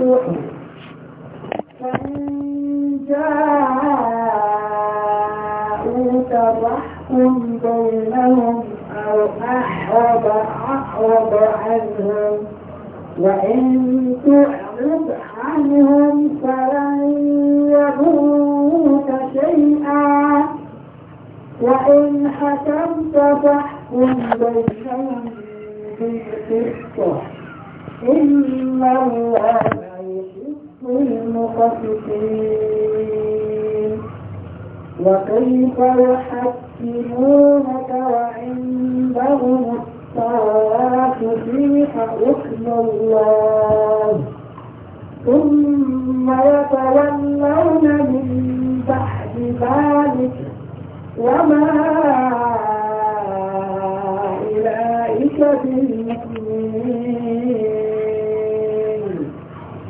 الصحف فإن جاءوك فاحكم بينهم أو أعرض أعرض عنهم وإن تعرض عنهم فلن يضروك شيئا وإن حكمت فاحكم بينهم بالقسط إن للمقسطين وكيف يحكمونك وعندهم الصلاة في حكم الله ثم يتولون من بعد ذلك وما أولئك بالمؤمنين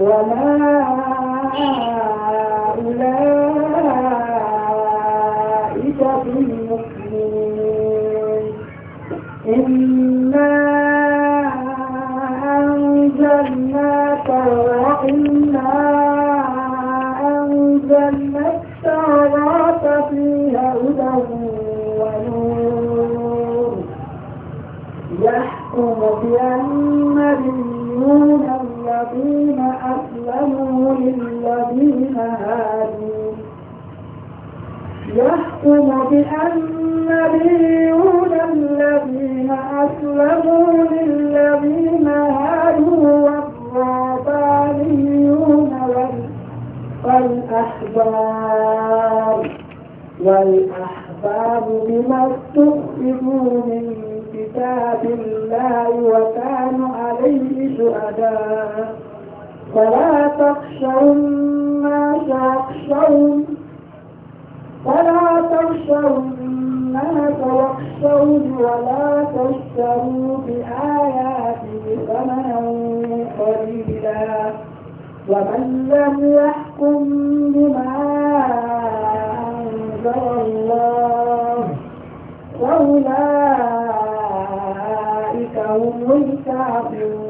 وما أولئك بالمؤمنين إنا أنزلناك وإنا أنزلنا التوراة فيها هدى ونور يحكم بها النبيون الذين والذين هادوا يحكم بالنبيون الذين أسلموا للذين هادوا والربانيون والأحبار والأحباب بما استخدموا من كتاب الله وكانوا عليه شهداء فلا تخشوا الناس واخشون فلا تخشوا الناس واخشون ولا تشتروا بآياتي ثمنا قليلا ومن لم يحكم بما أنزل الله فأولئك هم الكافرون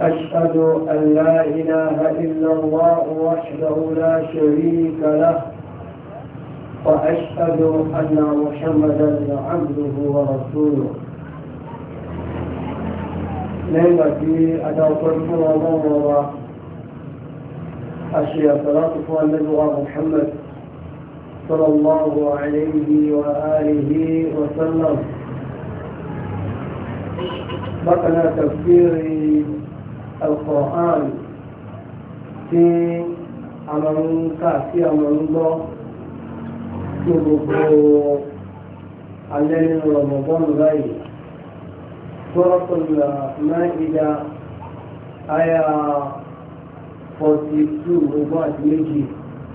أشهد أن لا إله إلا الله وحده لا شريك له وأشهد أن محمدا عبده ورسوله لما في أدوكم وضمر أشياء صلاة النبي محمد صلى الله عليه وآله وسلم بقنا تفسيري Al-Qur'an tí a máa ń kà tí a máa ń gbọ́ ní gbogbo alẹ́ nínú Ramadan báyìí. Suratul Ma'idah àyà forty two ogún àti méjì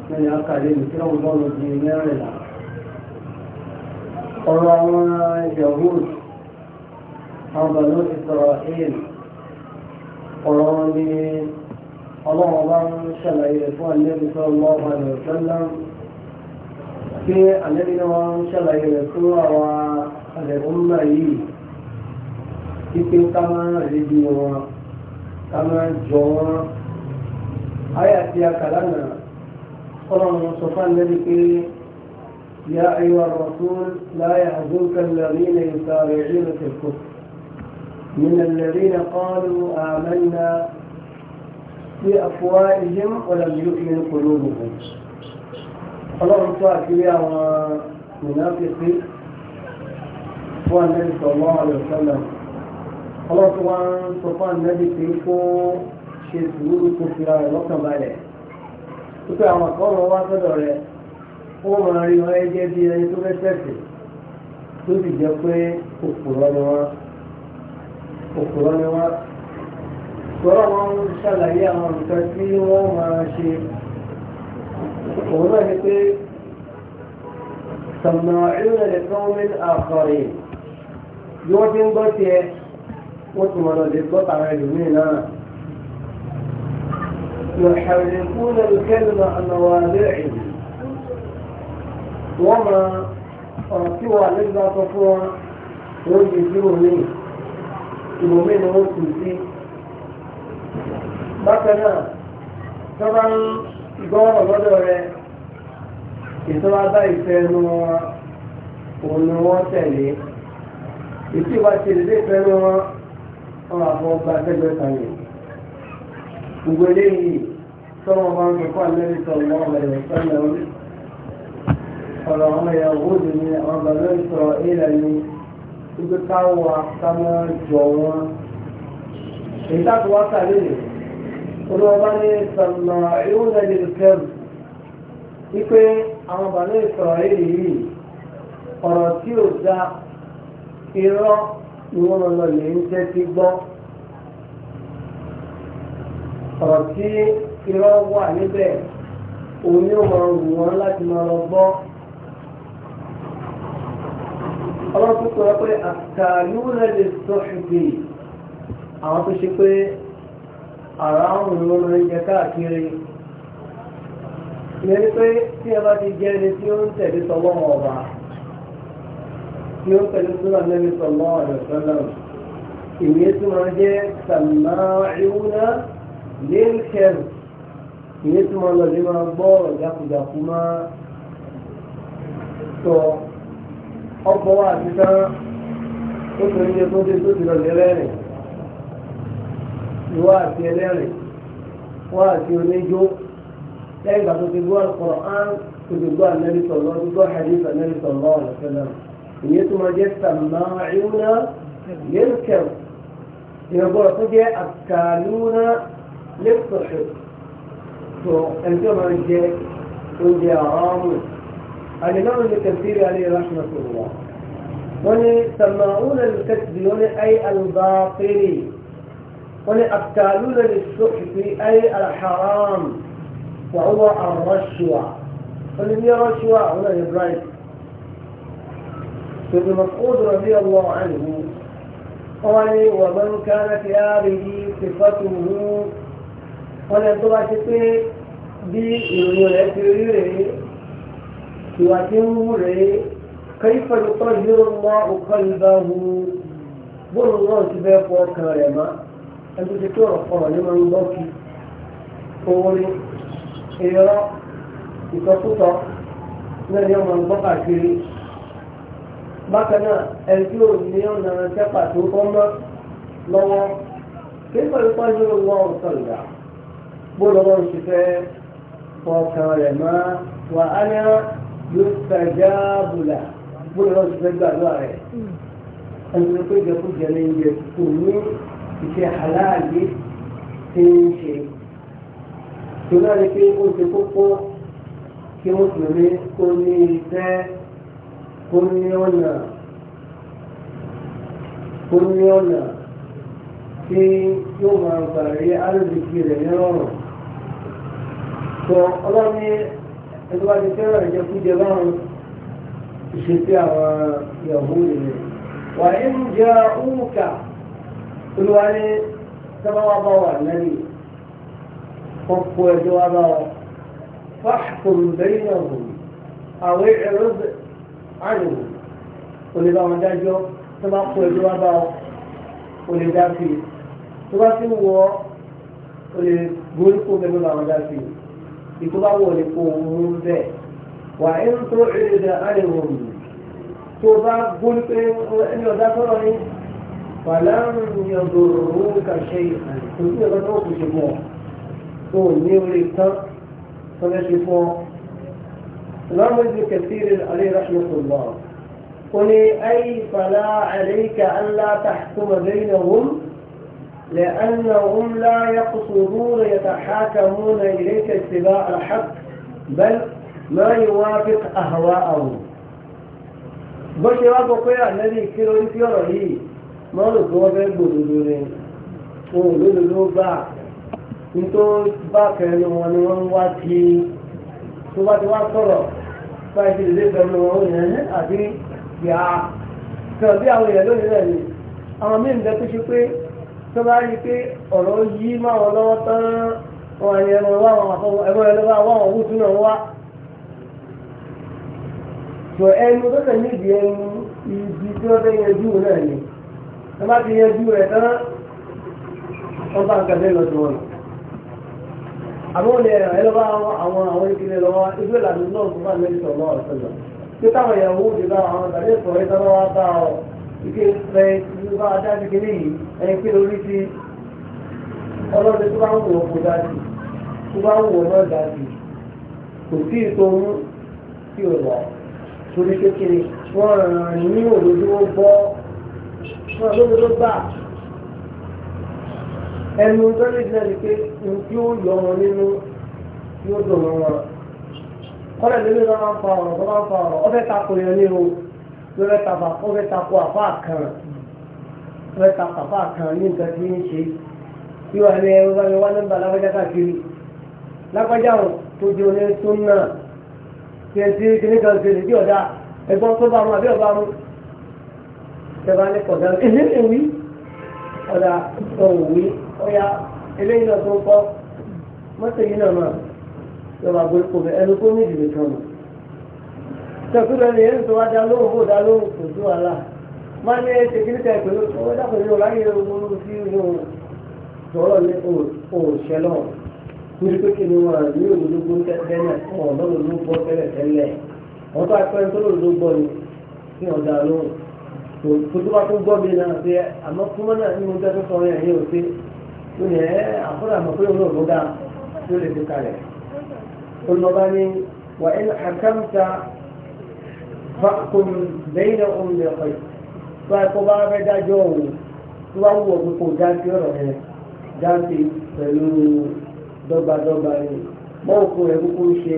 lẹ́yìn akàlẹ́ mi tí wọ́n bọ́ọ̀lù di mẹ́rìnlá. ọ̀rọ̀ àwọn Yahud àwọn Banu Israel ọ̀rọ̀ ni ọlọ́run bá ń ṣàlàyé rẹ̀ fún àlẹ́bí sallallahu alaihi wasallam pé àlẹ́bí náà ń ṣàlàyé rẹ̀ fún àwọn àlẹ́bùnmá yìí pípé ká máa ń rèébi wọn ká máa jọ wọn ayé àti akàlánà ọlọ́run sọ fún àlẹ́bí pé يا أيها الرسول لا يحزنك الذين يسارعون في الكفر من الذين قالوا آمنا أفواههم ولم يؤمن قلوبهم الله صل يا منافقي والنبي صلى الله عليه وسلم الله سبحانه على النبي كيفو شيزور كفرا لكم عليه wípé àwọn kan wọn wá sọ́dọ̀ rẹ̀ wọ́n máa rí wọn ẹgbẹ́ bí ẹni tó fẹ́ sẹ́sì tó sì jẹ́ pé òpùrọ́ ni wọ́n òkúrọ́ ni wá tọ́lá wọn ń ṣàlàyé àwọn nǹkan tí wọ́n máa ṣe òun náà ni pé سماعون لقوم آخرين يوتين بوتي وطمان للبط على اليمين يحرفون الكلمة عن مواضعه وما أعطوا لله صفوة ويجيبوني tùmọ̀mí ni wọ́n tù sí. bákan náà tó bá ń gbọ́rọ̀ lọ́dọ̀ rẹ ìtura bá ìfẹ́ nu wọn òun ni wọ́n tẹ̀lé ìtì wá ti lè fẹ́ nu wọn wọn àfọ gba sẹ́gbẹ́ kan yìí. gbogbo eléyìí tọ́wọ́ bá ń sọ̀kọ́ àlẹ́rìí sọ̀rọ̀ wọn ọ̀rẹ́ ìfẹ́ lọ́wọ́ ọ̀rọ̀ ọmọ ìyàwó mi ni ọ̀rọ̀ ìsọ̀rọ̀ ìlànà wípé káwọn akámọ́ jọ wọn èyí táàkì wá sàlẹ̀ yìí olùwọ́bá ní sàmà ìwọ̀n lẹ́yìn ìkẹrù wípé àwọn bàbá ìsọ̀rọ̀ èyí yìí ọ̀rọ̀ tí ò da irọ́ ni wọ́n lọ lè ń jẹ́ ti gbọ́ ọ̀rọ̀ tí irọ́ wà níbẹ̀ òun ni máa wù wọ́n láti máa lọ gbọ́ ọlọ́run tó sọ pé àkàlùrẹ̀ lè sọ ṣùgbọ́n àwọn tó ṣe pé ara ń rún lórí jẹ káàkiri lórí pé tí ẹ bá ti jẹ́ ẹni tí ó ń tẹ̀lé sọ́wọ́ ọba tí ó ń tẹ̀lé sọ́wọ́ lẹ́nu sọ́wọ́ ọ̀dọ̀sọ́lọ́ ìwé tí wọ́n jẹ́ sàmáìwúná lẹ́ẹ̀kẹ́rù ìwé tí wọ́n lọ lè máa gbọ́ ọ̀jákujàkú máa sọ ọkọ̀ wa àti tán ó tó iye tó dé tó ti lọ lẹ́rìn ìwọ àti ẹlẹ́rìn wọ́n àti oníjó lẹ́yìn ìgbà tó ti gbọ́ Al-Qur'an tó ti gbọ́ Ànábì sallallahu tó gbọ́ hadith Ànábì sallallahu alaihi wasallam ìyẹn tó máa jẹ́ sàmáàrúnà lẹ́rìkẹ̀rù ìrọ̀gbọ́n tó jẹ́ àkàlùnà lẹ́kọ̀ọ̀ṣẹ̀ tó ẹni máa jẹ oúnjẹ àwọn ọmọ الإمام الكثير عليه رحمة الله وني سماعون الكذب وني أي الباطل وني أبتالون للسحف أي الحرام وهو الرشوة وني هي رشوة هنا يبرايد ابن مسعود رضي الله عنه قال ومن كان في هذه صفته وني طبعا شكله بي يريد ìwàdíhùn rèé kaifa yutahhiru Allahu qalbahu bóòlù náà ti bẹ́ẹ̀ fọ ọkàn rẹ̀ má ẹni tó ti tó ọ̀rọ̀ fọ̀rọ̀ ní máa ń gbọ́ kí orin irọ́ ìsọkúsọ náà ni ọmọ ń gbọ́ káàkiri bákan náà ẹni tí ò ní ọ̀nà ẹ̀ṣẹ́ pàtó kọ́ mọ́ lọ́wọ́ kaifa yutahhiru Allahu qalbahu bóòlù náà ti fẹ́ fọ ọkàn rẹ̀ má wà á ní yóò tajà bùlà bóyá wọn ti fẹ́ gbàdúrà rẹ̀ hmm. ẹni pé ìjẹkújẹ ní ìjẹ kò ní ìṣe aláàgbé tí ń ṣe tó náà ni pé ó ṣe kókó kí wọ́n sì ẹni wá ti fẹ́ràn ìjẹkújẹ báwọn ìṣesí àwọn yahoo nìyẹn wà ń jẹ òwúkà olúwa ní sábà wà bá wà lẹ́yìn kọ́kọ́ ẹjọ́ wà bá wà fáṣkùn bẹ́yìn náà wò àwọn ẹ̀rọ àrùn olùbá wọn dájọ́ sábà kọ́ ẹjọ́ wà bá wà olùdá sí i tó bá ti ń wọ olè gbóríkó bẹ́ẹ̀ lọ́wọ́ àwọn dá sí i. يقولون ذا وإن تعرض عنهم تضبّل أن يذكرني فلن يضروك شيئا كنت يضروك شبوه قول نيوليكتا صلى شبوه رمز كثير عليه رحمة الله قل أي فلا عليك ألا تحكم بينهم لأنهم لا يقصدون يتحاكمون إليك اتباع الحق بل ما يوافق أهواءهم bọ́ṣe wá gbọ́ pé àlẹ́lẹ́ ìkéré orí sí ọ̀rọ̀ yìí máa ń lò pé wọ́n fẹ́ gbòdodo ni ohun lódodo gbà nítorí bá kẹrin wọn ni wọ́n ń wá kí tó bá ti wá sọ̀rọ̀ báyìí ti lè fẹ́ẹ́ wọn ò yẹn àbí yà á kàn bí àwọn èèyàn lónìí náà ni àwọn míì ń bẹ tó ṣe pé tó bá rí pé ọ̀rọ̀ yí máa wọn lọ́wọ́ tán wọn ni ẹ̀rọ wá wọn àfọwọ́ ẹ̀rọ ẹ̀rọ wá wọn òwú tún náà wá. sọ ẹnu tó tẹ̀ níbi ẹnu ibi tí wọ́n fẹ́ yẹjú náà ni wọ́n bá ti yẹjú rẹ̀ tán wọ́n bá ń kàdé lọ́dún wọn. àmọ́ ní ẹ̀rọ ẹ̀rọ bá àwọn àwọn ìkíni lọ́wọ́ ìgbé ìlànà náà tó bá mẹ́rin sọ̀rọ̀ lọ́wọ́ ìgbé ẹ ìgbà adájú kìíní yìí ẹni pé orí ti ọlọ́dẹ tó bá ń wọ̀ kó dájú tó bá ń wọ̀ náà dájú kò sí ìtòun tí ò lọ torí kékeré wọ́n ràn ní òdodo bọ́ wọ́n lódodo bá ẹnu tó lè jẹ́ ni pé ohun tí ó yọ wọn nínú yóò dùn wọn kọ́lẹ̀ lórí ọ̀rọ̀ máa ń fa ọ̀rọ̀ tó ń fa ọ̀rọ̀ ọ̀fẹ́ ta kò yẹn ní lọ́rẹ́ tàbà ó fẹ́ takò àfáà kan lọ́rẹ́ takò àfáà kan ní nǹkan tí ń ṣe tí wọ́n ní ẹ̀rọ bá mi wá nọ́mbà lágbájá káàkiri lágbájá ò tó di oní tó ń nà tí ẹ ti kíní kan ṣe lè bí ọ̀dà ẹ̀gbọ́n tó bá mu àbí ọ̀bá mu ṣẹba ní kọ̀dá èmi lè wí ọ̀dà ọ̀hún wí ọ̀yà eléyìí náà tó ń kọ́ mọ́tò yìí náà mà lọ́ba gbé kò fẹ́ ẹnu kó ní ìdìbò kan mọ̀ tẹ̀kú lọ lè ń sọ wá dá lóhùn bó dá lóhùn kò tó wà láà máa ní ẹ̀ ṣèkí níta ìpè ló tó dàpọ̀ nínú láyé ogun ló fi ń yún sọ̀rọ̀ ní òòṣẹ́ náà níbi pé kí ni wọn ní òdòdó tẹ́tẹ́ náà fún ọ̀dọ́ ló ló gbọ́ tẹ́lẹ̀ tẹ́lẹ̀ wọ́n tó apẹ́ tó lòdò gbọ́ ni kí ọ̀dà lóhùn tó tó bá tó gbọ́ mi náà pé àmọ́ fún mọ́nà ní mo tẹ́tọ́ sọ yẹn yóò pé ó ní ẹ́ àkọ́dà mọ̀ pé olóòdó dá tó lè fi fákùn bẹ́ẹ̀nà òun lè pẹ́ tó ẹ̀kọ́ bá fẹ́ dájọ́ òun tó wá wù ọ̀gbìn kò dáńtì ọ̀rọ̀ rẹ̀ dáńtì pẹ̀lú dọ́gbadọ́gba rẹ̀ mọ́ òkú rẹ̀ kúkú ṣe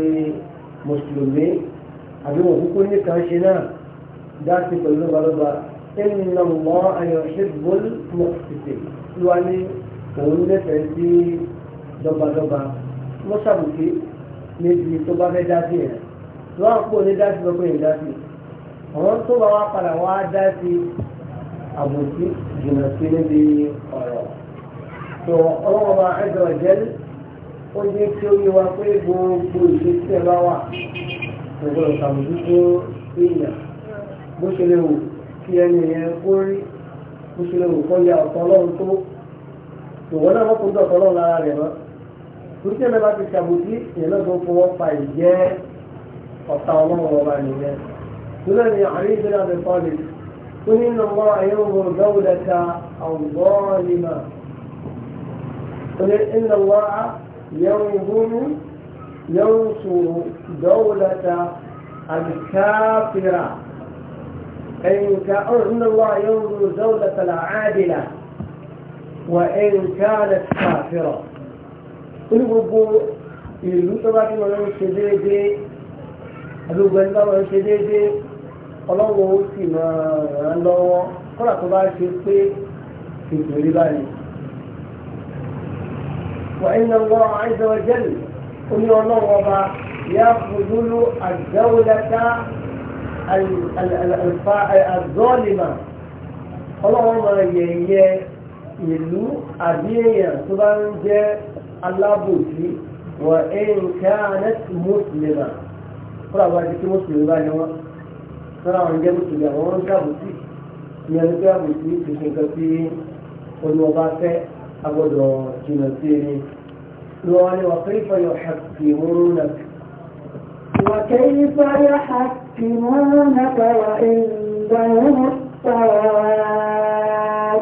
mùsùlùmí àbí wọn kúkú ní kan ṣe náà dáńtì pẹ̀lú dọ́gbadọ́gba ẹnìyàn mọ́ ayọ̀ ṣe bọ́ọ̀l mọ́ tètè tó wá ní òun lẹ́fẹ̀ẹ́ sí dọ́gbadọ́gba mọ́sàbùkí níbi tó bá fẹ́ dá sí ẹ̀ lọ́wọ́ pò ní dá sí lọ́pọ̀ ìdá àwọn tó bá wá padà wá dá sí àbòsí jìnnà sí níbi ọ̀rọ̀ tó ọlọ́wọ́ bá ẹ̀dọ̀ jẹ́ ó ní kí ó yẹ wa pé gbogbo ìgbésí ẹ̀ bá wà gbogbo ìsàmójútó èèyàn bó ṣe lè wò kí ẹni yẹn kó rí bó ṣe lè wò kó ya ọ̀tọ̀ ọlọ́run tó ìwọ náà wọ́n kó dọ̀ ọ̀tọ̀ ọlọ́run lára rẹ̀ mọ́ torí tẹ́lẹ̀ bá ti ṣàbòsí ìyẹn náà tó fọwọ́ fa ìjẹ́ ọ̀tá ọlọ́run ọba nìyẹn. سنن علي بن ابي طالب قل ان الله ينظر دولة او قل ان الله ينظر ينصر دولة الكافرة إن كان الله ينظر دولة العادلة وإن كانت كافرة قل ربو tó bá tí wọ́n ń ṣe déédéé àdúgbò ọlọ́wọ́ ó sì máa ràn án lọ́wọ́ kọ́lá tó bá ṣe pé kékeré báyìí. wà á iná lọ àìsàn ọjẹ́lì ó ní ọlọ́wọ́ ọba yá fojúlú àdáwọ́lẹ́ká àzọ́ọ̀lìmà ọlọ́wọ́ máa yẹ̀yẹ́ ìlú àbí èèyàn tó bá ń jẹ́ alábòsí wà á ń ká anẹ́tì kọ́lá bá ti kí mùsùlùmí báyìí wọ́n. sọ́ra àwọn jẹ́ mùsùlùmí àwọn ń ṣàbùsí ní ẹni pé àbùsí ti ṣe nǹkan tí olùwọ́ba fẹ́ agbọ́dọ̀ jìnnà sí ẹni. لوالي وكيف يحكمونك وكيف يحكمونك وعندهم الصواب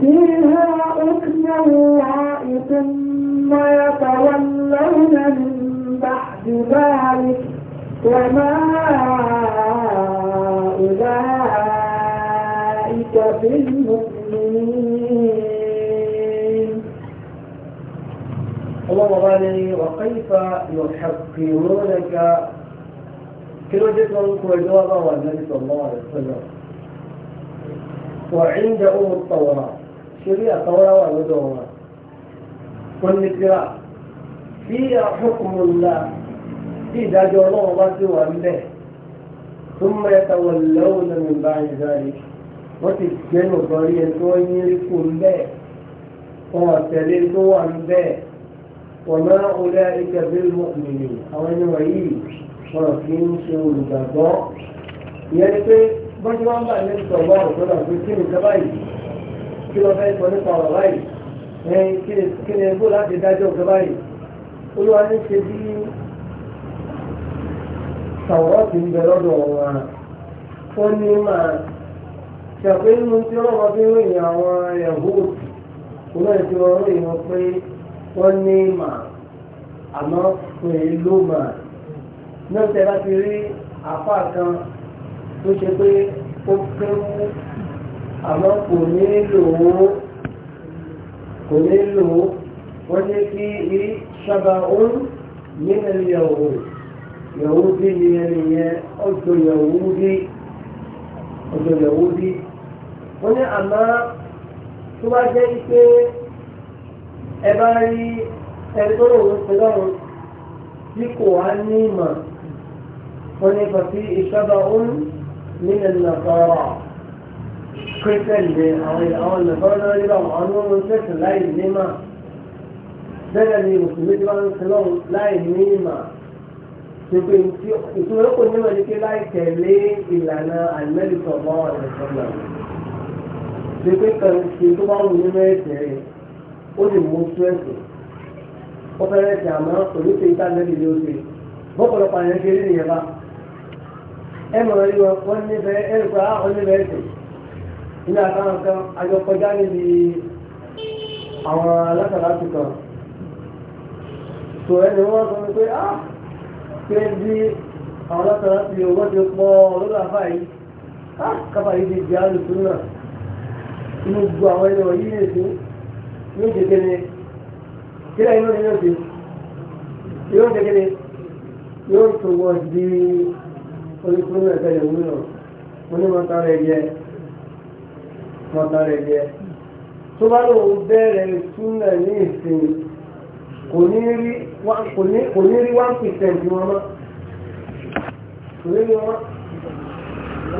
فيها حكم الله ثم يتولون من بعد ذلك وما أولئك بالمؤمنين الله عليه وكيف يحقرونك كل وجهة منكم الجواب هو النبي صلى الله عليه وسلم وعند أم الطوراة شريعة الطوراة وعندهم والنكراء فيها حكم الله tí ìdájọ́ ọlọ́run bá sì wà ń bẹ̀ tó ń mẹ́ta wọ lọ́wọ́ lẹ́nu ìbá ìzáre wọ́n ti gbẹ́nu kan rí ẹ tó ń yírí kù ń bẹ̀ wọn àtẹ̀lé tó wà ń bẹ̀ wọ́n máa ń olẹ́ ìkẹ́bí mọ̀mìnì àwọn ẹni wọ̀nyí wọn kì í ṣe olùgbàgbọ́ ìyẹn ni pé bọ́jú wọn bá ní sọ̀gbọ́n ọ̀gbọ́dọ̀ pé kí ni sábà yìí kí wọ́n fẹ́ sọ nípa ọ̀rọ̀ báyìí kí ni kí ni ebó láti dájọ́ ọ̀gbọ́n báyìí olúwa ní ṣe bí tàwọn ti ń bẹ lọ́dọ̀ wọn ó ní máa ṣàpé inú tí wọ́n máa fi ń rìn àwọn yahood òun ẹ̀ tí wọ́n rìn wọn pé wọ́n ní máa àmọ́ pé ló máa náà tẹ́ bá ti rí apá kan tó ṣe pé ó kéwú àmọ́ kò ní lò ó kò ní lò ó wọ́n ní kí sábà ó nínú ìyàwó rẹ̀ yahudi ni ẹni yẹn ọjọ́ yahudi ọjọ́ yahudi wọ́n ní àmọ́ tó bá jẹ́ pé ẹ bá rí ẹni tó lòun pé lọ́run tí kò wá ní ìmọ̀ wọ́n ní pàtí ìṣọ́ba òun nílẹ̀ nàfọ́rọ̀ kírísítẹ́nì ni àwọn àwọn nàfọ́rọ̀ náà rí báwọn àwọn ọmọ ṣẹ̀ṣẹ̀ láì ní mà bẹ́ẹ̀ ni mùsùlùmí tí wọ́n ń pè lọ́run láì ní ìmọ̀ pépé ntí ìtumọ̀ kò ní wọ́n ké láì tẹ̀lé ìlànà àlẹ́lùkọ̀ mọ́ ọ̀rẹ́ sọ́nà pépé kan ṣe tó bá wù ní mẹ́ẹ̀tẹ̀ rẹ̀ ó lè mú túwẹ̀sì ó fẹ́rẹ̀ tẹ̀ àmọ́ pẹ̀lú pé ìta lẹ́bi ló ṣe bọ́pọ̀lọpọ̀ àyẹ̀ ṣe rí nìyẹn bá ẹ mọ̀ rí wọn wọ́n ní bẹ́ẹ̀ ẹ rí pé àwọn ah, ní bẹ́ẹ̀ tẹ̀ ilé àtàwọn kan àjọ kọjá níbi àwọn alásàlásù kan tò ẹni wọ́n sọ pé ah pé bí àwọn látara fi owó ti pọ̀ lọ́dọ̀ àfà yìí káfà yìí ti di àlùsùn náà inú gbogbo àwọn ẹni wọ̀nyí lè sí yóò ṣe kéde kílẹ̀ inú ni yóò ṣe yóò ṣe kéde yóò tó wọ́ di oníkúrú ẹ̀ka ìwúrí náà mo ní mọ́tà rẹ̀ yẹ mọ́tà rẹ̀ yẹ tó bá lóun bẹ̀rẹ̀ súnà ní ìsìn kò ní rí kò ní rí one percent wọn mọ́ kò ní rí wọn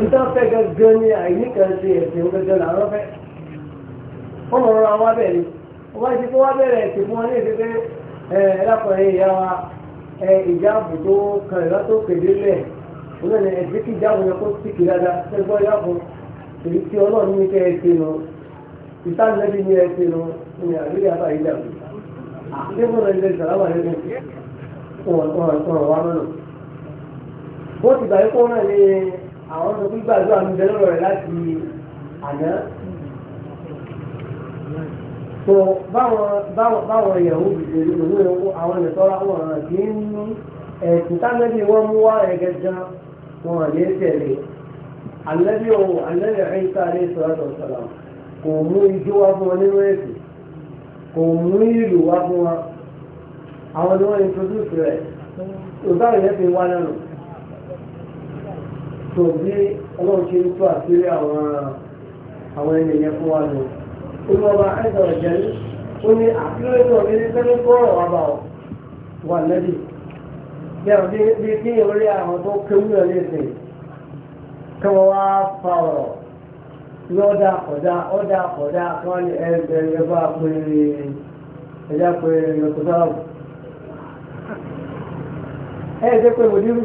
nítorí fẹ́ gẹ́gẹ́ ní àìníkan ṣe ẹ̀sìn gẹ́gẹ́ làwọn fẹ́ wọ́n mọ̀ rọra wá bẹ̀rẹ̀ wọ́n bá ti kó wá bẹ̀rẹ̀ ẹ̀sìn fún wọn ní ìdíkẹ́ ẹlẹ́kọ̀ọ́yẹ ìyá wa ìjáàbù tó kan ìlú tó kéde lẹ̀ òun ní ẹ̀sìn kí ìjáàbù yẹn kó sì kí dáadáa ṣe gbọ́ ìyáàbù èyí àkíkẹ́kọ̀ọ́ rẹ̀ lẹ́yìn sàlámà rẹ̀ lẹ́yìn ọ̀rọ̀ wa lọ́nà. bó ti gbà yípo náà ni àwọn ọmọ tó gbàdúrà ń bẹ lọ́rọ̀ rẹ̀ láti àná. tó báwọn ìyàwó ìdílé òun ìyàwó àwọn ìtọ́ra wọn kì í ní ẹ̀sùn tábẹ́bí wọn mú wá jan wọn tẹ̀lé. alẹ́bí alẹ́bí sọ̀rọ̀ kò mú ijó wá fún ọ nínú ẹ̀sìn. kò mú ìlú wá fún wa àwọn ni wọ́n introduce rẹ̀ òtá ìyẹn ti wá lẹ́nu tó bí ọlọ́run ṣe ń tó àṣírí àwọn àwọn ènìyàn fún wa lò ó ní ọba àìsàn ọ̀jẹ̀ ní ó ní àfihàn mi ní sẹ́ni kọ́rọ̀ wa bá ọ wà lẹ́bí yàrá bí kí èèyàn àwọn tó kéwú náà lè sè kí wọ́n wá fa ọ̀rọ̀. ní ọ̀dà kọ̀dà ọ̀dà kọ̀dà wọ́n ní ẹgbẹ̀rẹ̀ ẹgbà pé ẹjá pé ẹgbẹ̀rẹ̀ sáàbù ẹ̀ẹ́dẹ́ pé mo dírù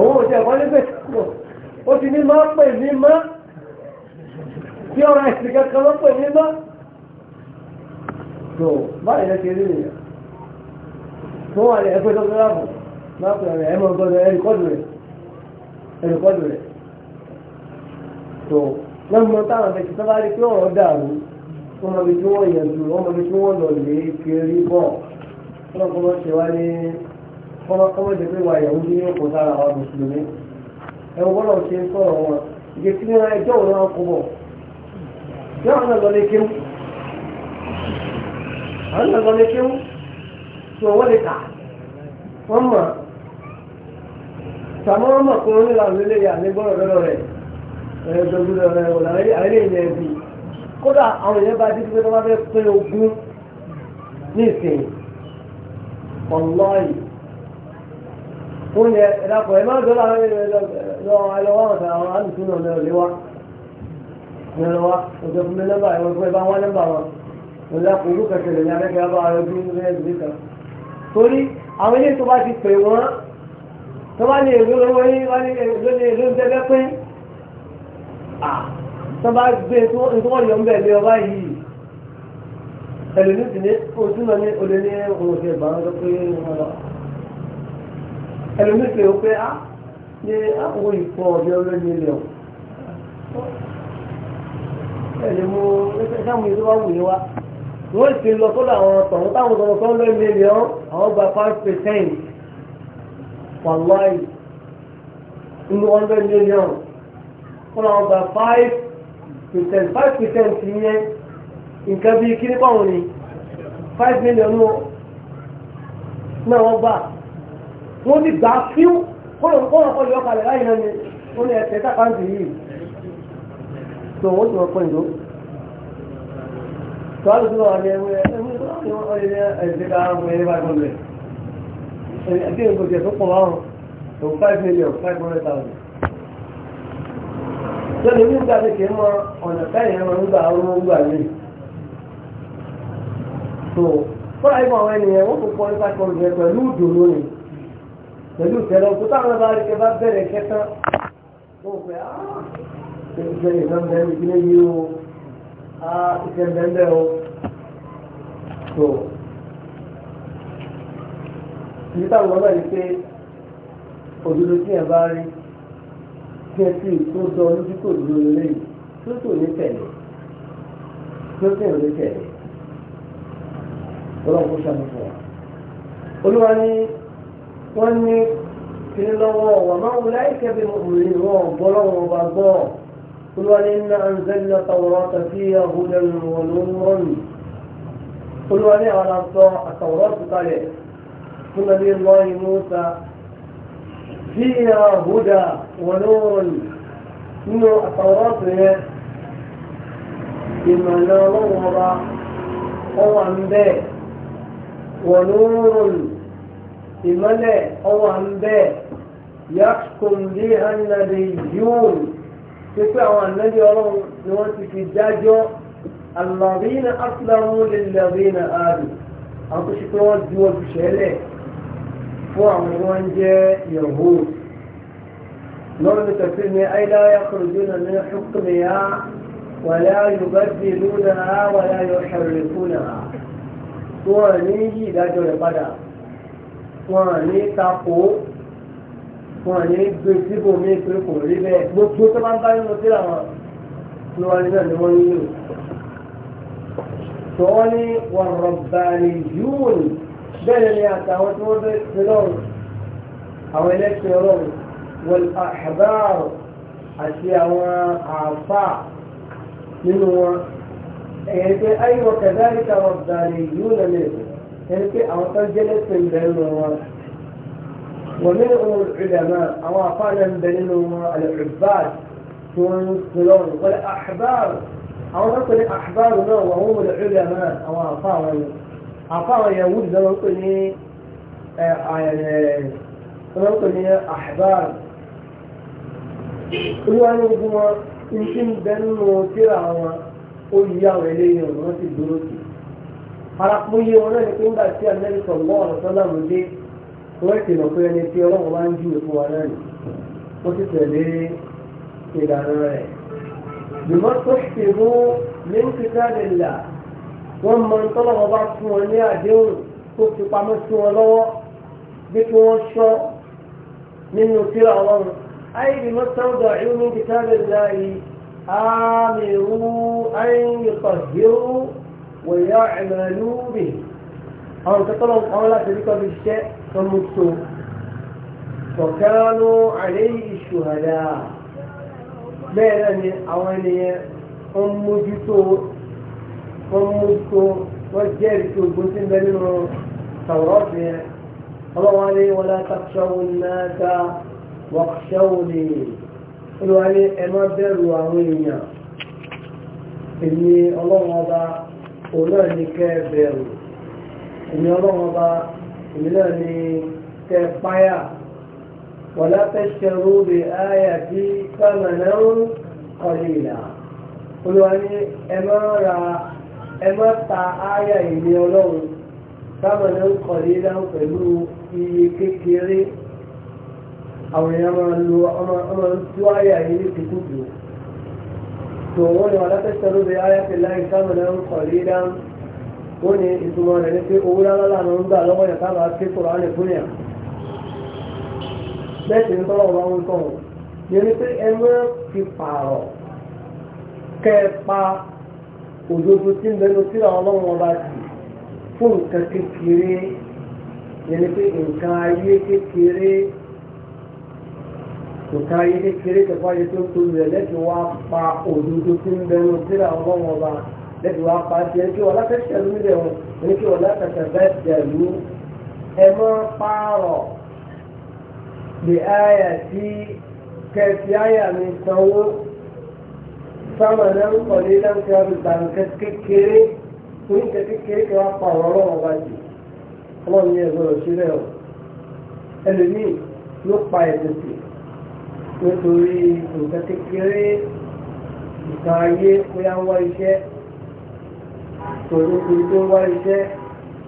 òun ò jẹ́ ẹ̀kọ́ nígbẹ̀ ó ti ní má pè ní má tí ọ̀rọ̀ ẹ̀sìn kankan ló pè ní má tó báyìí lẹ́kẹ̀ẹ́ rí nìyà tó wà ní ẹgbẹ́ tó sáàbù má pè ẹ̀mọ́ gbọ́dọ̀ ẹ̀rìkọ́dù rẹ̀ ẹ̀rìkọ́dù rẹ̀ tó wọ́n mọ táwọn ẹgbẹ́ tí sábà rí pé ọ̀rọ̀ dàrú wọ́n mọ ibi lọ lè kiri bọ̀ wọ́n kọ́ mọ́ ṣe wá ní kọ́mọ́ jẹ́ pé wà yẹ̀wò ní kò sára wa mùsùlùmí ẹ̀wọ̀n bọ́lọ̀ ṣe ń sọ̀rọ̀ wọn ìgbé tí wọ́n ẹ̀ẹ́dọ́gbọ́n ọ̀rẹ́ ọ̀làwẹ́lẹ́ àwẹ́lẹ́ ilẹ̀ ẹ̀bí kódà àwọn èèyàn bá dídí pé wọ́n bá fẹ́ pé ogún ní ìsìn ọ̀lọ́ọ̀yì fún yẹ ẹ̀dàpọ̀ ẹ̀ má dọ́là lọ́wọ́ àwọn àlùfín náà lẹ́wà lẹ́wà ọjọ́ fún mi nọ́mbà ẹ̀wọ̀n fún ẹ bá wá nọ́mbà wọn ìlàpọ̀ olú kẹsẹ̀lẹ̀ ní abẹ́kẹ́ bá ara ojú ní ẹ̀dùn kan torí àwọn ilé tó bá ti pè wọ́n tó bá ní èlò lọ́wọ́ yín wọ́n ní èlò ní èlò ń tẹ́lẹ́ tó bá gbé tó wọ́n yọ ń bẹ̀ lé ọba yìí ẹlòmí sì ní ojú náà ní olè ní òun òfin ìgbà wọn pé wọn lọ ẹlòmí sì ní pé á ní àwọn ìfọ ọbẹ olóyè ilé ọ ẹlẹ mú sáwọn ìlú wa wùyẹ wa wọn sì lọ sọ́dọ̀ àwọn tọhún táwọn tọhún tó ń lọ ilé ilé ọ àwọn gba five percent wàláì inú wọn lọ ilé ilé ọ kọ́lọ́wọ́ gba five percent five percent yẹn nǹkan bíi kí ní pàwọn ni five million náà wọ́n gbà wọ́n ní gbà fíw kọ́lọ́wọ́ kọ́lọ́wọ́ yọ kalẹ̀ láyé náà ni wọ́n ní ẹ̀sẹ̀ sàkáǹtì yìí tó wọ́n ti wọ́n pọ̀ ìdó. Tọ́lá tó wà ní ẹgbẹ́ ẹgbẹ́ ẹgbẹ́ ẹgbẹ́ ẹgbẹ́ 5 million 500,000 lọ́dọ̀ ní ìgbà kékeré mọ ọ̀nà káyìn ẹ̀rọ ń gbà ọ̀rọ̀ ń gbà mí. tó fúnra ìmọ̀ àwọn ènìyàn wọ́n tún kọ́ nípa kọ́ńtì pẹ̀lú ìdòwò ni pẹ̀lú ìtẹ̀lẹ́ òkú táwọn bá rí kẹ bá bẹ̀rẹ̀ kẹta ó pẹ́ áá ìṣẹ̀lẹ̀ ìṣẹ̀lẹ̀ ìṣẹ̀lẹ̀ yìí ó áá ìṣẹ̀lẹ̀ ńlẹ̀ ó tó. ìdí táwọn ọlọ́ọ̀ yìí pé òdodo tí ẹ̀ bá jẹ́ sí tó dán lójú kò ní orílẹ̀ yìí tó tó ní tẹ̀lé tó tó ní tẹ̀lé ọlọ́run kó ṣàmùfọ̀ wa. olúwa ni wọ́n ní kiri lọ́wọ́ wà máa wù láì kẹ́bi òmìnirí wọn gbọ́ lọ́wọ́ ọba gbọ́ olúwa ni iná anzẹ́lẹ̀ tàwọ̀rọ̀ tàbí ahùlẹ̀ wọn olúwa ni àwọn àtọ̀ àtàwọ̀rọ̀ tó kalẹ̀ fún lọ́ọ̀yì mú فيها هدى ونور nínú àtàwọ́rọ́tù yẹn ìmọ̀lẹ́ ọlọ́run ọba ọwà ń bẹ́ wọ̀lúrùn ìmọ̀lẹ́ ọwà ń bẹ́ yàtùkùn bí ànàdì yóòn tí pé àwọn ànàdì ọlọ́run ni wọ́n ti fi dájọ́ alàbínà afúláwọ́ lè làbínà ààrùn àwọn tó ṣe pé wọ́n ju ọdún ṣẹlẹ̀ fún àwọn tí wọ́n jẹ́ yòówù lọ́rọ̀ ní kẹfì ní ayélujára kúrò jùlọ ní ṣùkùnmí ha wàlá yùbẹ́dì lúnà ha wàlá yọ̀ṣẹ̀rẹ̀ fúnà ha wọ́n ní yí ìdájọ́ rẹ̀ padà wọ́n ní takò wọ́n ní gbé síbò mí pé kò rí bẹ́ẹ̀ gbogbo tó bá ń bá nínú síra wọn ní wọ́n ní náà ni wọ́n ń lò. sọ wọ́n ní bẹ́ẹ̀ ni àtàwọn tí wọ́n bẹ́ẹ̀ ti lọ́rùn àwọn ẹlẹ́sìn ọlọ́run wọ́n àbáàrọ̀ àti àwọn àfà nínú wọn ẹ̀yẹ́ pé ayọ̀ kẹ̀dáríkà wọn dàrí yóò lọ lè ẹ̀yẹ́ pé àwọn tó jẹ́ lẹ́sìn ìbẹ̀ nínú wọn wọ́n ní ọmọ ìdàmà àwọn àfà náà ń bẹ nínú wọn àlẹ́fẹ̀báàd tí wọ́n ń ti lọ́rùn wọ́n àbáàrọ̀ àwọn tó pẹ̀lú àbáàrọ̀ náà wọ́n wọ́n mọ̀ àfáwọn ìyàwó ìdíjọ́ wọn pè ní wọn pè ní àhìbáàrì olúwa ní ogun wọn ní tí ń bẹ nínú tíra wọn ó yí àwọn eléyìí ọ̀rọ̀ wọn ti dúró sí arákùnrin wọn náà ní pé nígbà tí àmì ẹ̀sọ̀ mọ́ ọ̀rọ̀ sọ́lá mú dé wọ́n ti lọ pé ẹni tí ọlọ́run bá ń júwe fún wa náà nì wọ́n ti tẹ̀lé ìlànà rẹ̀. bìmọ́ tó ṣe mú ní kíkà lè là wọ́n mọ tọ́lọ́wọ́ bá fún wọn ní àdéhùn tó fi pamọ́ sí wọn lọ́wọ́ bí kí wọ́n ṣọ́ nínú kíra wọn. ayé bí wọ́n sọ́dọ̀ ìlú ní kìtàbí láàyè àmì ìrú ayé yọ̀tọ̀ ìrú wòyá ìmọ̀lú bì. àwọn kẹtọ́lọ́ àwọn láti rí kọ́ ṣiṣẹ́ tó mú tó. sọ̀kánú àlẹ́ ìṣòhàdà bẹ́ẹ̀ náà ni àwọn ènìyàn ń mójútó wọ́n mú tó wọ́n jẹ́rìí tó gbó sí bẹ́ẹ̀ nínú tàwọ́rọ́ọ̀tì yẹn ọlọ́wọ́n ní wọn lá tàkṣáwó náà ká wàkṣáwó ni olùwà ní ẹ má bẹ̀rù àwọn èèyàn èmi ọlọ́wọ́n ọba òun náà ní kẹ́ bẹ̀rù èmi ọlọ́wọ́n ọba èmi náà ní kẹ́ páyà wọ́n lá tẹ̀sẹ̀rú bí àyà tí kámẹ́rún kọ́lé ìlà olùwà ní ẹ má ra ẹ ta ááyà ìní ọlọ́run táwọn ẹ̀ ń kọ̀ ní dáhùn pẹ̀lú iye kékeré àwọn èèyàn máa lo ọmọ tí ááyà yìí ní tìkùtù tó wọ́n ní alátẹ́sẹ̀ ló bẹ ááyà ti láì táwọn ẹ̀ ń kọ̀ ní dáhùn wọ́n ní ìtumọ̀ rẹ̀ ní pé owó rárá lànà ń gbà lọ́wọ́ yàtá bá ké kọ̀ọ̀rọ̀ á lè fún yà bẹ́ẹ̀ sì ń tọ́lọ̀ wọn ń yẹn ni pé ẹ má pààrọ̀ kẹ́ pa òdodo tí ń bẹnu síra ọlọ́run ọba jù fún nǹkan kékeré yẹn pé nǹkan ayé kékeré nǹkan ayé kékeré kẹfà yẹ tó tóbi rẹ lẹ́tì wá pa òdodo tí ń bẹnu síra ọlọ́run ọba lẹ́tì wá pa tiẹ̀ kí wọ́n lákẹ́kẹ́ lù rẹ̀ wọ́n ní kí wọ́n lákẹ́kẹ́ bẹ́ẹ̀ tẹ̀ ẹ mọ́ pààrọ̀ lè ayà tí kẹfì ayà mi sanwó sámànà ń kọ̀ ní láti àrùbà nǹkan kékeré fún nǹkan kékeré kí wọ́n pa ọ̀rọ̀ ọlọ́run bá jù ọlọ́run ní ẹ̀gbọ́n òṣèré ọ̀ ẹlòmíì ló pa ẹ̀sìn sí nítorí nǹkan kékeré nǹkan ayé bóyá ń wá iṣẹ́ tòun kò tó ń wá iṣẹ́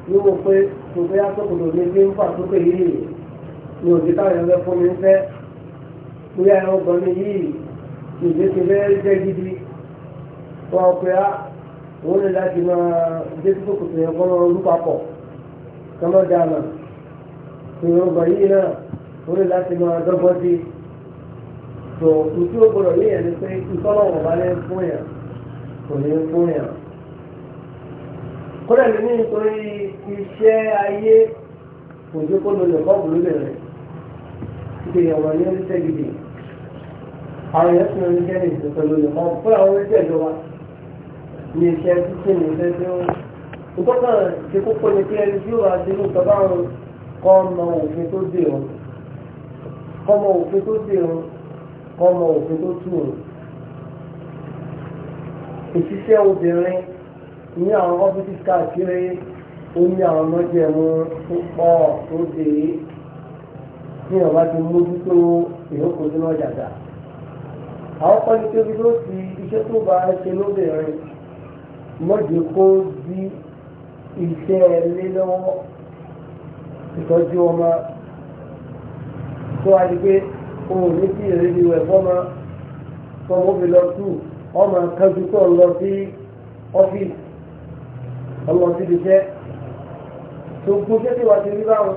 ní mo pé tó bóyá sókòtò mi ni òjì táwọn ẹgbẹ́ fún mi ń fẹ́ bóyá ẹ̀rọ gan mi yìí ìgbésẹ̀ fẹ́ wọn pe á wọn lè láti máa dé sí kòkòtò yẹn kọ́ lọ́rọ́ lúpapọ̀ kọ́ lọ́ dáná ìwọ̀n gbà yìí náà wọn lè láti máa dọ́gbọ́n sí i tó ìtú ó gbọdọ̀ yé ẹni pé ìtọ́lọ́wọ̀n bá lẹ́ fún yàn kò ní fún yàn. kódà ní nítorí iṣẹ́ ayé kò jẹ́ kó lọ lẹ́kọ́ òwúrọ̀ bẹ̀rẹ̀ ìpè ọ̀rọ̀ ní oníṣẹ́ gidi àwọn èèyàn sì ń jẹ́ ìṣẹ̀tọ̀ lọ lẹ́kọ́ fún àwọn oníṣẹ́ ìjọba ní iṣẹ́ títí ní iṣẹ́ tí ó nǹkan ṣe kókó ni kí ẹni tí ó wà sínú ìjọba ń kọ́ ọmọ òfin tó dè ọ́ kọ́ ọmọ òfin tó dè ọ́ kọ́ ọmọ òfin tó tù ọ́. ìṣiṣẹ́ obìnrin ní àwọn ọ́fíìsì káàkiri ó ní àwọn ọmọdéẹ̀mú tó pọ̀ tó dè é ní ọ̀bá ti mójútó ìyókù sínú ọjà dà. àwọn kọ́ni ló ti iṣẹ́ tó bá ṣe lóbìnrin mọ́jọ kó di iṣẹ́ ilé lọ́wọ́ ìtọ́jú ọmọ tó a di pé òun ní sí ìrírí rẹ̀ fọ́mọ fọmọ fi lọ tù ọmọ kájú tó ń lọ sí ọ́fíìsì ọlọ́ sí iṣẹ́ tó kú ṣé tí wàá ti rí báwọn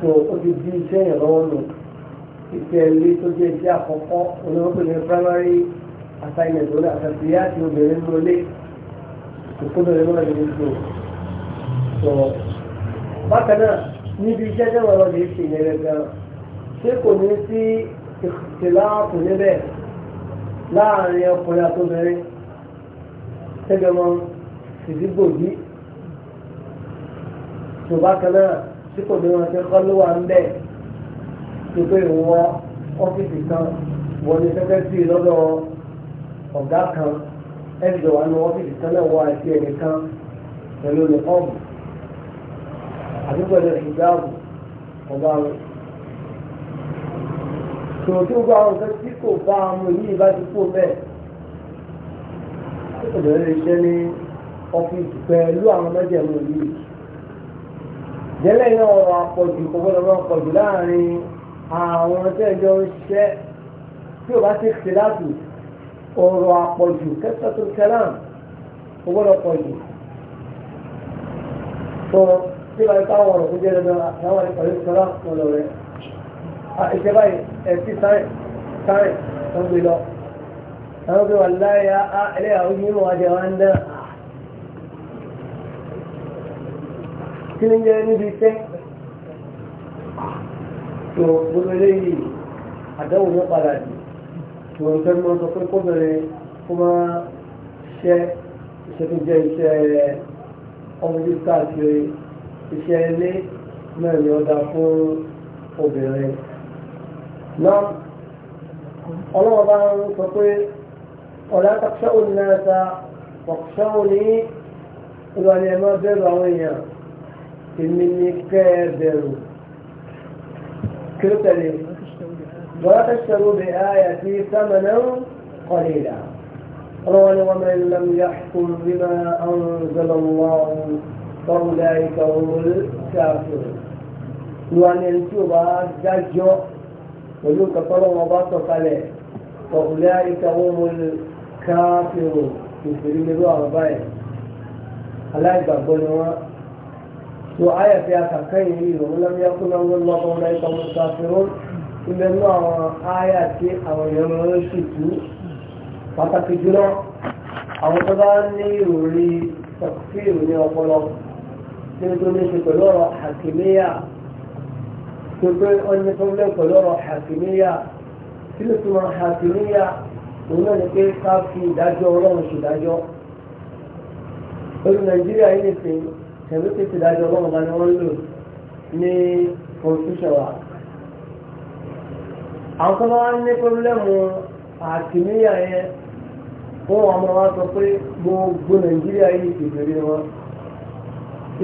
tó o ti di iṣẹ́ yẹn lọ́wọ́ nù iṣẹ́ ilé tó jẹ́ iṣẹ́ àkọ́kọ́ onímọ̀pẹ̀lẹ̀ primary assignment òun àtàtì yá ti obìnrin ló lé ìkóbìnrin ló lè gbogbo sọ bákan náà níbi iṣẹ́ náà wọ́n lè ṣe ìyẹn rẹ̀ gan ṣé kò ní sí ìkìláàpù níbẹ̀ láàrin ọkùnrin àtobìnrin tẹ́gbẹ̀mọ́ ìdígbòdì tó bákan náà tí kò ní wọn ṣe kọ́ ló wà ń bẹ̀ tó pé ìwọ ọ́fíìsì kan wọ́n ní sẹ́kẹ́tì lọ́dọ̀ ọ́ ọ̀gá kan ẹ̀dùn wà ní ọ́fíìsì kan náà wọ àti ẹnìkan pẹ̀lú olùkọ́ọ̀bù àti pẹ̀lú ìdáàbò ọba rẹ̀. tòun tó gba àwọn nǹkan tí kò bá ọmọ yìí bá ti kó bẹ́ẹ̀ ó bẹ̀rẹ̀ lè ṣe ní ọ́fíìsì pẹ̀lú àwọn mẹ́jẹ̀mú yìí. jẹ́lẹ̀ náà ọ̀rọ̀ àpọ̀jù kò gbọ́dọ̀ máa pọ̀jù láàrin àwọn tẹ́jọ́ ń ṣẹ́ tí ò bá ti ṣe láti ọ̀rọ̀ àpọ̀jù kẹsàtún kẹlám ó gbọ́dọ̀ pọ̀jù tó tí báyìí táwọn ọ̀rọ̀ tó jẹ́ dandan àtàwọn àìpàdé kẹlám wọn lọ rẹ̀ ìjọba ẹ̀sìn sáyẹn sáyẹn tó gbé lọ àwọn pé wà láyà á ẹlẹ́yà ojú mọ̀ wájú àwọn ń dán kí ni jẹ́ níbi iṣẹ́ tó gbogbo eléyìí àdánwò ní padà yìí ṣùgbọ́n ìfẹ́ mọ́ sọ pé kóbìnrin kó máa ṣẹ́ iṣẹ́ tó jẹ́ iṣẹ́ ọmọdé káàkiri iṣẹ́ ilé náà ni ọ̀dà fún obìnrin. náà ọlọ́wọ́ bá ń sọ pé ọ̀la takṣẹ́ òní náà ta ọ̀ṣẹ́ òní ìwàlẹ̀ ẹ̀ máa bẹ̀rù àwọn èèyàn èmi ni kẹ́ ẹ bẹ̀rù kí ló tẹ̀lé. ولا تشتروا بآياتي ثمنا قليلا قال ومن لم يحكم بما أنزل الله فأولئك هم الكافرون وأن ينتبه دجو ولو كفروا وباطوا عليه فأولئك هم الكافرون يفرين الله بين الله يقبلوا وآية فيها كاين لم يكن الله فأولئك هم الكافرون ibẹ̀ ní àwọn ááyà tí àwọn èèyàn máa ń ṣètú pàtàkì jùlọ àwọn tó bá ní ìròrí tọkfíìrù ní ọpọlọ nínú tó ní ṣe pẹ̀lú ọ̀rọ̀ hàkìmíyà tó pé wọ́n ní tó ń lé pẹ̀lú ọ̀rọ̀ hàkìmíyà kí ló túmọ̀ hàkìmíyà òun náà ni pé ká fi ìdájọ́ ọlọ́run ṣèdájọ́ olú nàìjíríà yìí nìsín tẹ̀lé ti ṣèdájọ́ ọlọ́run bá ní wọ́n lò ní constitution wa àwọn tó bá wá ní pọ́blẹ́mù àtìníyà yẹn fún ọmọ wa sọ pé gbogbo nàìjíríà yìí kèfèrè wọn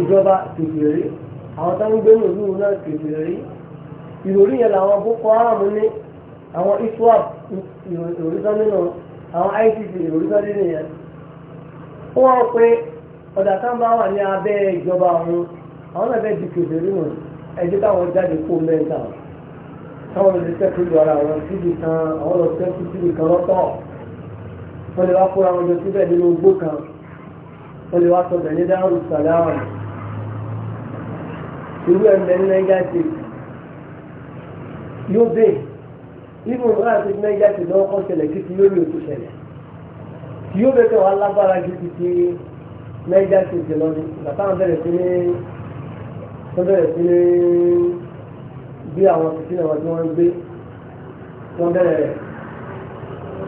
ìjọba kèfèrè àwọn tó ń gbé ìlú náà kèfèrè ìròrí yẹn làwọn boko haram ní àwọn iswap ìròrí ICC ìròrí sọ nínú yẹn fún wọn pé ọ̀dà kan bá wà ní abẹ́ ìjọba ọ̀hún àwọn náà fẹ́ di kèfèrè nù ẹ̀jẹ̀ káwọn jáde kó mẹ́ta táwọn lè sẹ́kù lu ara àwọn síbi kan àwọn lọ sẹ́kù síbi kan lọ́tọ̀ wọ́n lè wá kóra wọn jọ síbẹ̀ nínú igbó kan wọ́n lè wá sọ bẹ̀ ní dáhùn sàlámù irú ẹ̀mẹ́ ní nàìjíríà ti yóò dé ibù náà ti nàìjíríà ti lọ́wọ́ kọ́ ṣẹlẹ̀ kí ti bí àwọn fìtínà wọn tí wọ́n ń gbé wọ́n bẹ̀rẹ̀ rẹ̀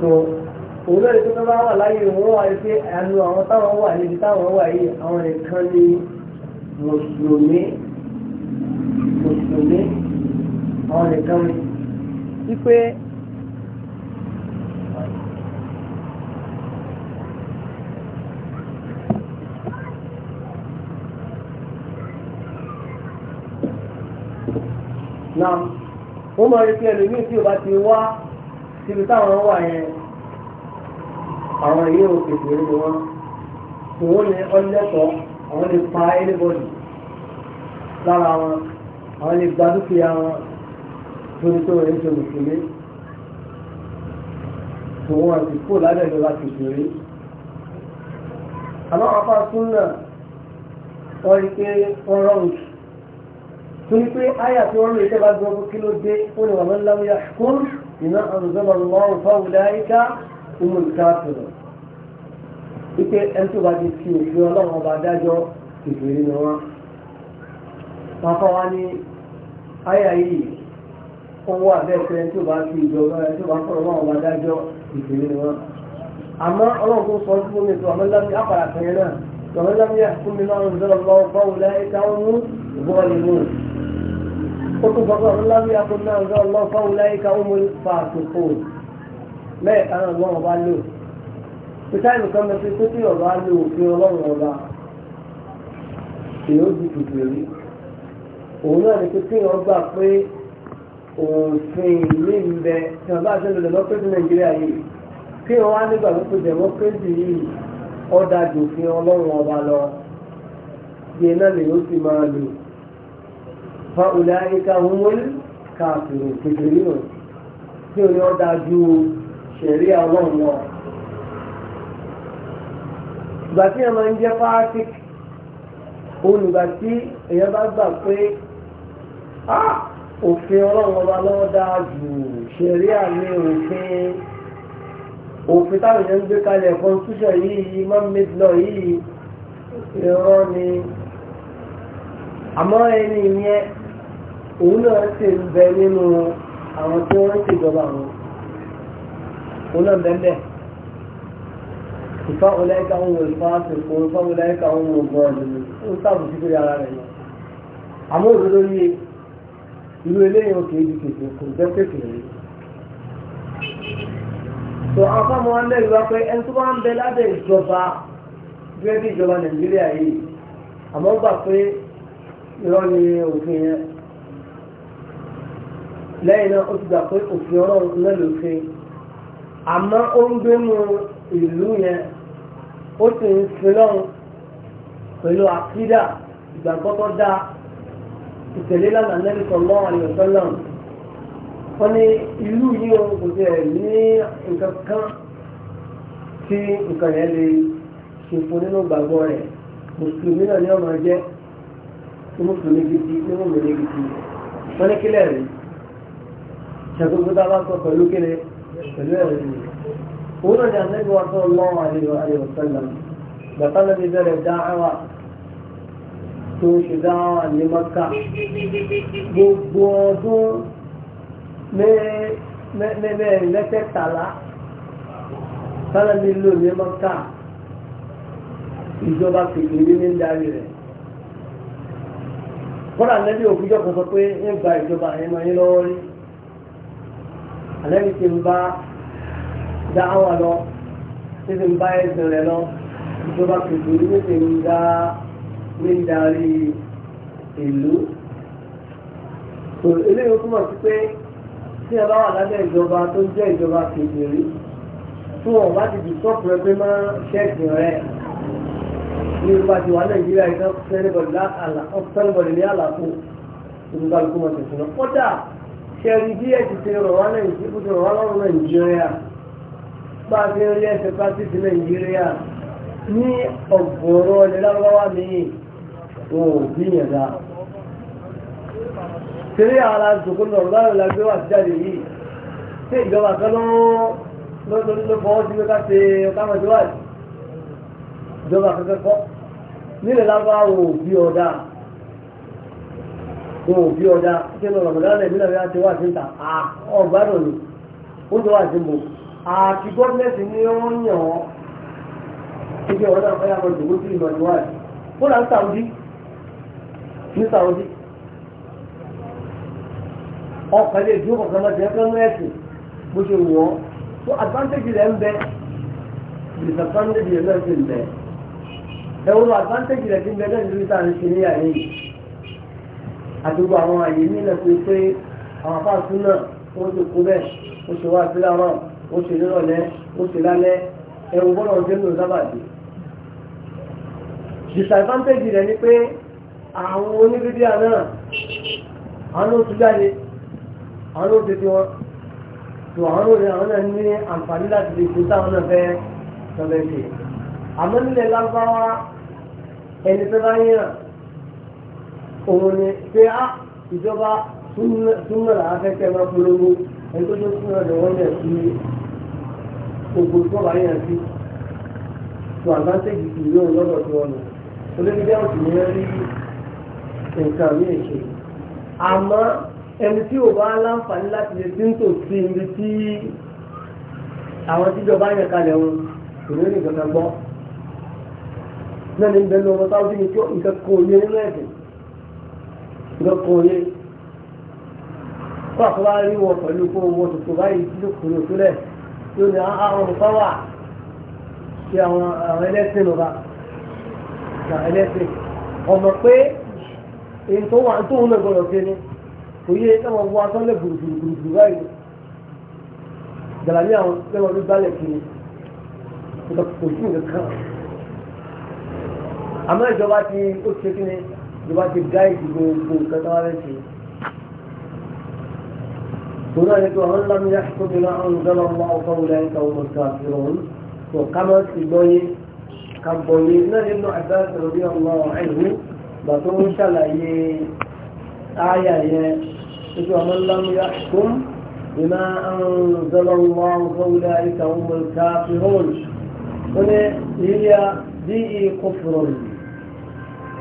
tó òun náà ní tó bá wà láyé wọn wà ní pé ẹnu àwọn táwọn wà níbi táwọn wà yìí àwọn nìkan ní mùsùlùmí mùsùlùmí àwọn nìkan ní. náà wọ́n máa rí pé ẹlòmíì tí o bá ti wá síbi táwọn wà yẹn àwọn èyí ò pèsè ní wọn òun ni ọlẹ́tọ̀ọ́ àwọn lè pa anybody lára wọn àwọn lè gba dúkìá wọn lórí tó rẹ̀ ń ṣe mùsùlùmí tòun àti kó lábẹ́ ìjọba pèsè àmọ́ apá súnà wọ́n rí pé wọ́n rọrùn jù torí pé àyà tí wọ́n lò yìí tẹ́gbà gbọ́ pé kí ló dé ó lè wà lọ́n láwọn ya ṣùkún iná àrùzọ́mọ̀ lọ́wọ́ fáwọn láyíká ìmú ìkáàtùrọ̀ wípé ẹni tó bá ti fi òfin ọlọ́run ọba dájọ́ ìfèrè ni wọ́n pàpà wá ní àyà yìí ó wà ẹni tó bá fi ìjọba ẹni tó bá fọ́ ọlọ́run ọba dájọ́ ìfèrè ni wọ́n àmọ́ ọlọ́run tó sọ fún mi tó àmọ́ قلت فالله لم يقل له الله فأولئك هم الفاسقون ما أنا الله بالو بتاعي كما في كتير بالو في الله وضع ìyóòdì kìkìrì òun náà ni pé kí wọ́n gbà pé òfin ìlú ń bẹ tí wọ́n bá ṣe lò democracy nàìjíríà yìí kí wọ́n wá nígbà pé democracy yìí ọ̀dà jòfin ọlọ́run ọba lọ bí iná lè ó sì máa lò fa'ulaika humul káàkiri kékeré nù tí o ní ọ́ dájú ṣẹ̀rí àwọn ọ̀nà. ìgbà tí èèyàn máa ń jẹ́ fáásík olùgbà tí èèyàn bá gbà pé òfin ọlọ́run ọba lọ́wọ́ dáa jù ṣẹ̀rí àmì òfin òfin táwọn èèyàn ń gbé kalẹ̀ constitution yìí máa ń made law yìí irọ́ ni àmọ́ ẹni yẹn òun náà sì ń bẹ nínú àwọn tí wọ́n ń ṣèjọba àwọn òun náà bẹ́ẹ̀ bẹ́ẹ̀ ìfá ọlẹ́ka ohun ìfá àsìkò ìfá ọlẹ́ka ohun ọgbọ́n ọ̀dùnú ó sábà sí lórí ara rẹ̀ lọ. àmọ́ òun lórí irú eléyìí òkè ibi kèké kò jẹ́ kékeré. tó afáàmọ́ wa mẹ́rin wá pé ẹni tó bá ń bẹ lábẹ́ ìjọba gẹ́gẹ́ bí ìjọba nàìjíríà yìí àmọ́ gbà pé irọ́ ni òfin yẹn lẹ́yìn náà ó ti gbà pé òfin ọlọ́run náà lòfin àmọ́ ó ń gbénu ìlú yẹn ó sì ń sin lọ́run pẹ̀lú àkídà ìgbàgbọ́ tó dáa ìtẹ̀lé lánàá Ànábì sallallahu alaihi wasallam wọ́n ní ìlú yìí ó kò tiẹ̀ ní nǹkan kan tí nǹkan yẹn lè ṣe fún nínú ìgbàgbọ́ rẹ̀ mùsùlùmí náà ni ó máa jẹ́ mùsùlùmí gidi ní mùsùlùmí gidi wọ́n ní kílẹ̀ rèé ṣàtúntà bá sọ pẹ̀lú kéde pẹ̀lú ẹ̀rí ni òun náà ni àtẹ́gbẹ́ wa sọ lọ́wọ́ àlejò àlejò sẹ́lẹ̀ bàtà lẹ́bi bẹ̀rẹ̀ dáhàwà tó ń ṣe dáhàwà ní maka gbogbo ọdún mẹ́rin lẹ́tẹ̀tàlá sálẹ̀bí lò ní maka ìjọba kékeré ní darí rẹ̀ kọ́dà lẹ́bi òkújọ́ kan sọ pé ń gba ìjọba ẹ̀mọ́ yín lọ́wọ́ rí àlẹ́bí ti ń bá dáhùn lọ tí ti ń bá ẹ̀sìn rẹ̀ lọ ìjọba kìtù ní ti ń dá ní darí ìlú. eléyìí túmọ̀ sí pé tí ẹ bá wà lábẹ́ ìjọba tó jẹ́ ìjọba kìtù tí wọ́n bá ti di sọ́ọ̀pù rẹ pé máa ṣẹ́ẹ̀sì rẹ̀ ní ìlú bá ti wà nàìjíríà ìtàn fẹ́rẹ́bọ̀dì ní àlàfo ìlú bá lóko mọ̀ tẹ̀sán náà ṣẹ́rí bí ẹ̀sì ti rọ̀ wá nàìjíríà rọ̀ wá lọ́rùn nàìjíríà bá a fi rí ẹsẹ̀ pàṣípì nàìjíríà ní ọ̀gọ̀rọ̀ ọ̀lẹ́ lárúbáwá míì wọn ò gbìyàn dá. ṣeré ara zòkó lọ̀rọ̀ láwọn ìlàgbé wà jáde yìí ṣé ìjọba kan ló ló fọwọ́ sí ká ṣe káwọn ìjọba ìjọba kankan kọ́ nílẹ̀ lárúbáwá wọn ò gbìyàn dáa fún òbí ọjà ṣé lọ rọ̀mọ̀dánlẹ̀ ìbílẹ̀ rẹ̀ àti wà sí ń ta ọgbàdùn ni ó tó wà sí mo àti gọ́ọ̀mẹ̀ntì ni ó ń yàn ọ́ ṣíṣe ọ̀rọ̀ náà fẹ́yà kan tòun sí ìmọ̀ ìwà rẹ̀ ó là ń Saudi ní Saudi ọkàn lè dúró kọ̀ọ̀kan máa tẹ̀lé fún ẹ̀sìn bó ṣe wọ̀ ọ́ tó advantage rẹ̀ ń bẹ disadvantage rẹ̀ ń bẹ ẹ̀wọ̀n advantage rẹ̀ ti ń bẹ àdúgbò àwọn àyè nílẹ̀ tó pé àwọn afáàtú náà wọ́n ti kú bẹ́ẹ̀ ó ṣe wá sílẹ̀ àwọn ó ṣe nírọ̀lẹ́ ó ṣe lálẹ́ ẹ̀rù bọ́lá ọ̀dẹ́ ló sábàdì. disadvantage rẹ̀ ni pé àwọn oníbíbíà náà àwọn oṣù jáde àwọn oṣù tí wọ́n tó àwọn oṣù àwọn náà ní àǹfààní láti lè ṣe táwọn náà fẹ́ sọ́bẹ̀ẹ́sì àmọ́ nílẹ̀ lágbáwá ẹni tó bá yẹn òun ni pé ah, á ìjọba súnmọ́ làá fẹ́ kẹ́ máa polówó ẹni tó jẹ́ súnmọ́ lọ́wọ́ yẹn sí gbogbo ìjọba yẹn sí tó àgbáńtẹ́jì sí ìlú òun lọ́dọ̀ tí wọ́n lò olóńgbé ọ̀sì ni wọ́n rí nǹkan mí èṣe àmọ́ ẹni tí ò bá láǹfààní láti lè dín tò sí ibi tí àwọn tíjọba yẹn kalẹ̀ wọn kò ní rí nǹkan kan náà ní bẹ́ẹ̀ ni ọmọ táwọn bí nǹkan kò ní nínú ẹ̀sìn lọ́kùnrin kó àkọ́bá rí wọn pẹ̀lú kó wọn tuntun báyìí tí lókùnrin òtúlẹ̀ tó ní ah, ah, àwọn nǹkan wà sí àwọn ẹlẹ́sìn lọ́ba ẹlẹ́sìn ọmọ pé èyí tó wà tó ń lọ gbọdọ̀ gbé ni kò yẹ káwọn wọ asọ́lẹ̀ gbùrùgbùrù báyìí gbàlàní àwọn lẹ́wọ̀n ló gbálẹ̀ kiri kò sí nǹkan kan àmọ́ ìjọba ti ó ṣe kí ni ló bá ti gáìdì gbogbo nǹkan tó wá fẹ́ ṣe. Tòun àti pé àwọn ńlá mi yá tó ti lọ àwọn ìjọba ọmọ ọkọ wulẹ̀ ẹ̀ka ọmọ ìka àfihàn tó ká máa gbọ́ yé ká gbọ́ yé náà nínú àgbà sọ̀rọ̀ bí ọmọ ẹ̀hún gbà ń ṣàlàyé ááyà yẹn nítorí àwọn ńlá mi yá tó بما أنزل الله فأولئك هم الكافرون هنا هي دي كفر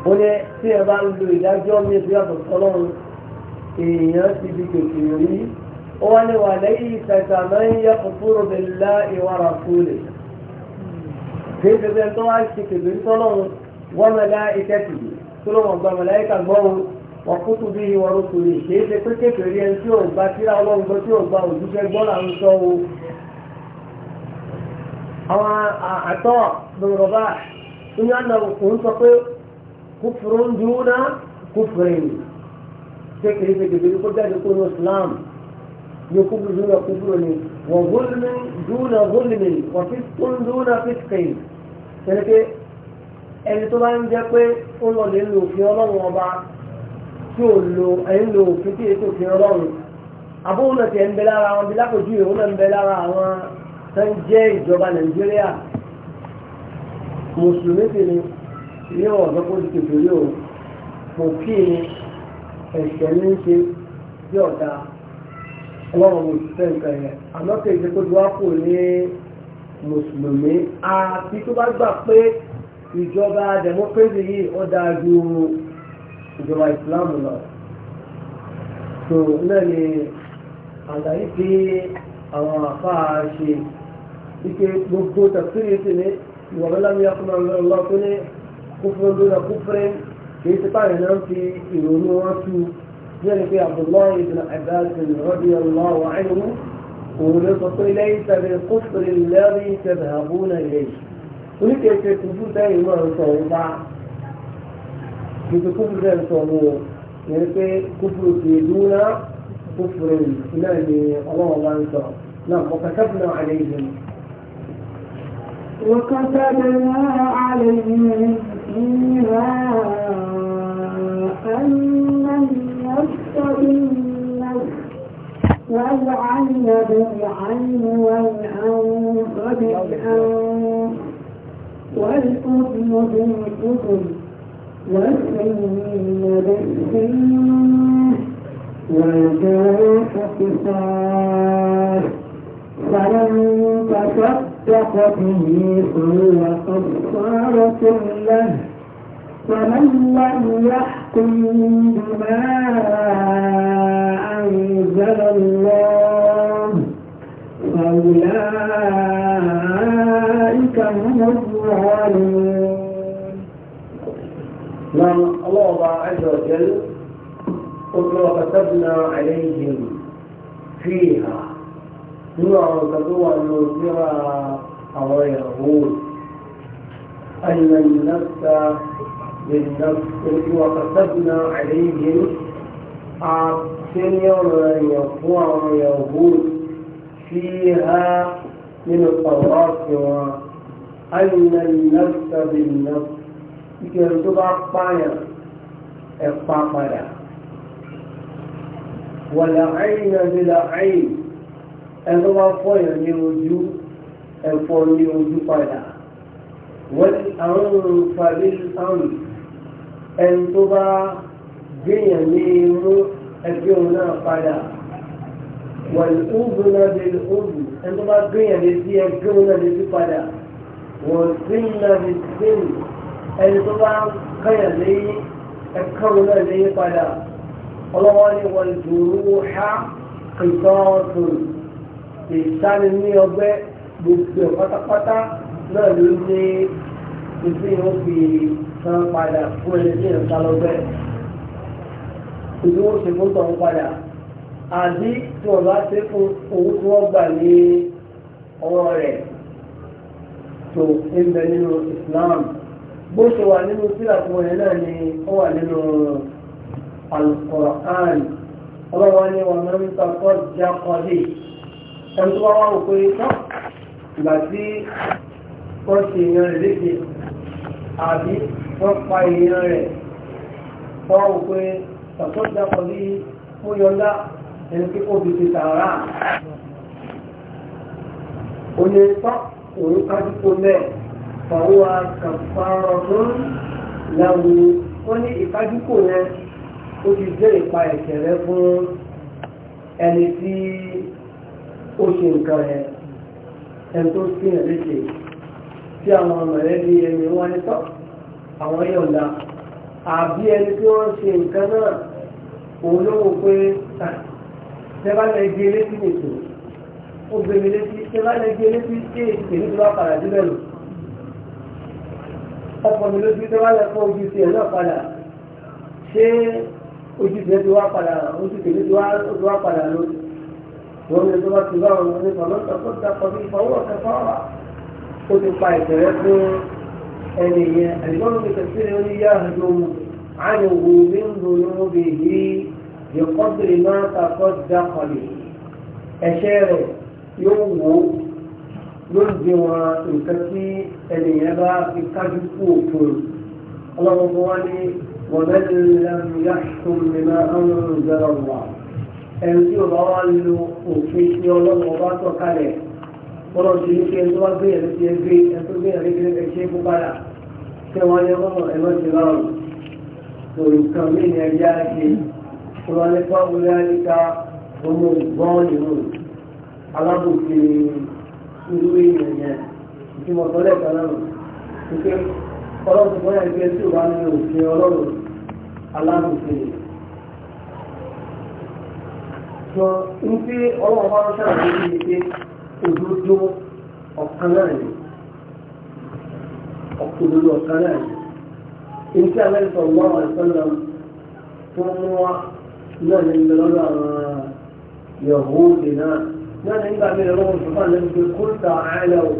ó ní tí ẹ bá ń lo ìdájọ́ mi sí ọ̀tọ̀ èèyàn ti di kèké rí ó wá ní wà lẹ́yìn ìfẹ̀sà máa ń yẹ kòkòrò bẹ̀ lá ìwà rà kí ṣe fẹ́ tó wá ṣe kèké rí wọ́n mẹ́lá ìkẹ́kì tó lọ́wọ́ gba mẹ́lá ìkà gbọ́run wọ́n kútu bí kì í ṣe pé ẹni tí ò gba ọlọ́run gba òjúfẹ́ gbọ́ là ń sọ o àwọn àtọ́ bá ń kúfùrún dúnà kúfùrín ṣé kìí ṣe kìí kó jáde kó ní islam ní kúfùrún dúnà kúfùrín ni wọ́n gúlmi dúnà gúlmi wọ́n fi kún dúnà fífìkì ṣẹlẹ̀ pé ẹni tó bá ń jẹ́ pé ó lọ lè lo òfin ọlọ́run ọba tí ò lo ẹ̀yìn lo òfin tí èso òfin ọlọ́run àbúrò náà ti ẹ̀ ń bẹ lára àwọn bí lápòjú ìhòòhò náà ń bẹ lára àwọn tó ń jẹ́ ìjọba nàìjíríà mùsùlùmí sì ni yóò ọ̀dọ́ kó ti tètè yóò kò kí ni ẹ̀ṣẹ̀ ní í ṣe bí ọ̀dà ọlọ́run mo ti fẹ́ nǹkan yẹn àmọ́ kì í ṣe kó ti wá kù ní mùsùlùmí àti tó bá gbà pé ìjọba democracy yìí ó dáa ju ìjọba ìsìlámù lọ tó náà ni àlàyé tí àwọn àfáà ṣe ike gbogbo tàbí ní ìwà mẹ́lámíyá fún àwọn ọlọ́run kúfúrú lórí ọkúfúrẹ́ kìí ti pààyàn náà fi ìrònú wọn tú ní ẹni pé abdullahi ibn abbas radiyallahu anhu òun ló sọ pé lẹ́yìn tàbí kúfúrú lẹ́rí tẹ̀lé àbúnà ilé yìí oníkèéfé tuntun sẹ́yìn máa ń sọ òun bá kìí kúfúrú sẹ́yìn sọ òun o ìyẹn pé kúfúrú ti dúnà kúfúrú náà ni ọlọ́run bá ń sọ náà ọ̀kàtàbùnà àlẹ́ ìlú. وكتبنا عليهم فيها أن يستقيم والعين بالعين والأنف بالأنف والأذن بالأذن والسن بالسن والجرح قصاص فلن تصدق به فهو كفارة كله فمن لم يحكم بما أنزل الله فأولئك هم الظالمون نعم الله عز وجل قل وكتبنا عليهم فيها نوع تدوى المنذرة أو يهود أن النفس بالنفس وقصدنا عليهم عاصر يقوى يهود فيها من الطواف أن النفس بالنفس يمكن تبع الطاية الطاقرة والعين بالعين أنه أفضل لوجود أفضل لوجود قدر والأنف بالأنف ẹni tó bá gbéyàn ní mú ẹgbẹ́ òun náà padà wọ̀n ọ̀bùn náà lè ọ̀bùn ẹni tó bá gbéyàn lè sí ẹgbẹ́ òun náà lè sí padà wọ̀n sìn náà lè sìn ẹni tó bá kẹyàn lẹ́yìn ẹ̀ka òun náà lẹ́yìn padà ọlọ́wọ́ ni wọ́n dùrú ha kìtọ́ọ̀tù ìsáni ní ọgbẹ́ gbogbo pátápátá náà ló ní ìsìn òfin kan padà fún ẹni tí ìrìn kálọ́gbẹ́ ìlú oṣù tó tọ̀ ń padà àbí tí wọ́n bá ṣe fún owó tí wọ́n gbà ní ọwọ́ rẹ̀ tó ń bẹ nínú Islam bó ṣe wà nínú sílà fún ẹ̀ náà ni ó wà nínú Al-Qur'an ọlọ́wọ́ ni wọn máa ń takọ́ jákọ́dé ẹni tó bá wà wò pé tán ìgbà tí wọ́n ṣe ìyan rẹ̀ àbí wọ́n pa èèyàn rẹ̀ wọ́n wò pé tọ̀tọ̀ dapọ̀ bí ó yọlá ẹni pé kò fi ti sàárà ó ní tọ́ òun kájú tó mẹ́ẹ̀ fàwọn akàfàrọ̀ tó láwù ó ní ìkájúkò yẹn ó ti jẹ́ ìpa ẹ̀ṣẹ̀ rẹ fún ẹni tí ó ṣe nǹkan ẹ̀ ẹni tó sí ẹ̀ léṣe tí àwọn mọ̀lẹ́bí ẹni wọ́n ní tọ́ àwọn yóò la àbí ẹni tí wọ́n ṣe nǹkan náà òun ló wò pé tẹ́bálẹ̀ gbé létí nìkan ó gbé mi létí tẹ́bálẹ̀ gbé létí tí èyí tó bá padà síbẹ̀ lò ọkọ̀ mi lójú tẹ́bálẹ̀ fún ojú tiẹ̀ náà padà ṣé ojú tiẹ̀ ti wá padà ojú tiẹ̀ ti wá padà lójú wọ́n ní ọjọ́ bá ti bá wọn ní ọjọ́ bá ti ẹni yẹn ẹ̀gbọ́n mi kẹsí ni ó ní yá àdó àyẹ̀wò mi ń lò ló bè yí ìkọ́sìrì máa takọ́ dákọ̀lì ẹ̀ṣẹ̀ rẹ̀ yóò wò ó yóò di wọn nǹkan tí ẹni yẹn bá fi kájú kú òfin ọlọ́run fún wa ní wọ́n lẹ́nu lẹ́nu yá tó mímọ́ àwọn olùdarí wa ẹni tí ọba wa lo òfin tí ọlọ́run ọba tọ̀ kalẹ̀ bọ́lá ti ní kí ẹni tó wá gbé yẹn lé ti ẹgbẹ́ ẹni tó gbé yẹn lé ti ẹgbẹ́ ṣe é kó padà pé wọ́n ní ọmọ ẹ̀rọ ti rọrùn tó nǹkan mí ní ẹ̀rí àti tó wọ́n ní pọ́ wọlé àríká ọmọ ìgbọ́n nínú alábòkè irú èèyàn yẹn tí mo sọ lẹ́ẹ̀kan náà wípé ọlọ́run tó bọ́yà gbé tí ò bá ní òfin ọlọ́run alábòkè rẹ̀. sọ ń pé ọlọ́run bá ń ṣàlàyé ní pé òdodo ọ̀kan náà ni. أقول له إن كان صلى الله عليه وسلم ثم من بلغ يهودنا من عند من الله سبحانه لم قل تعالوا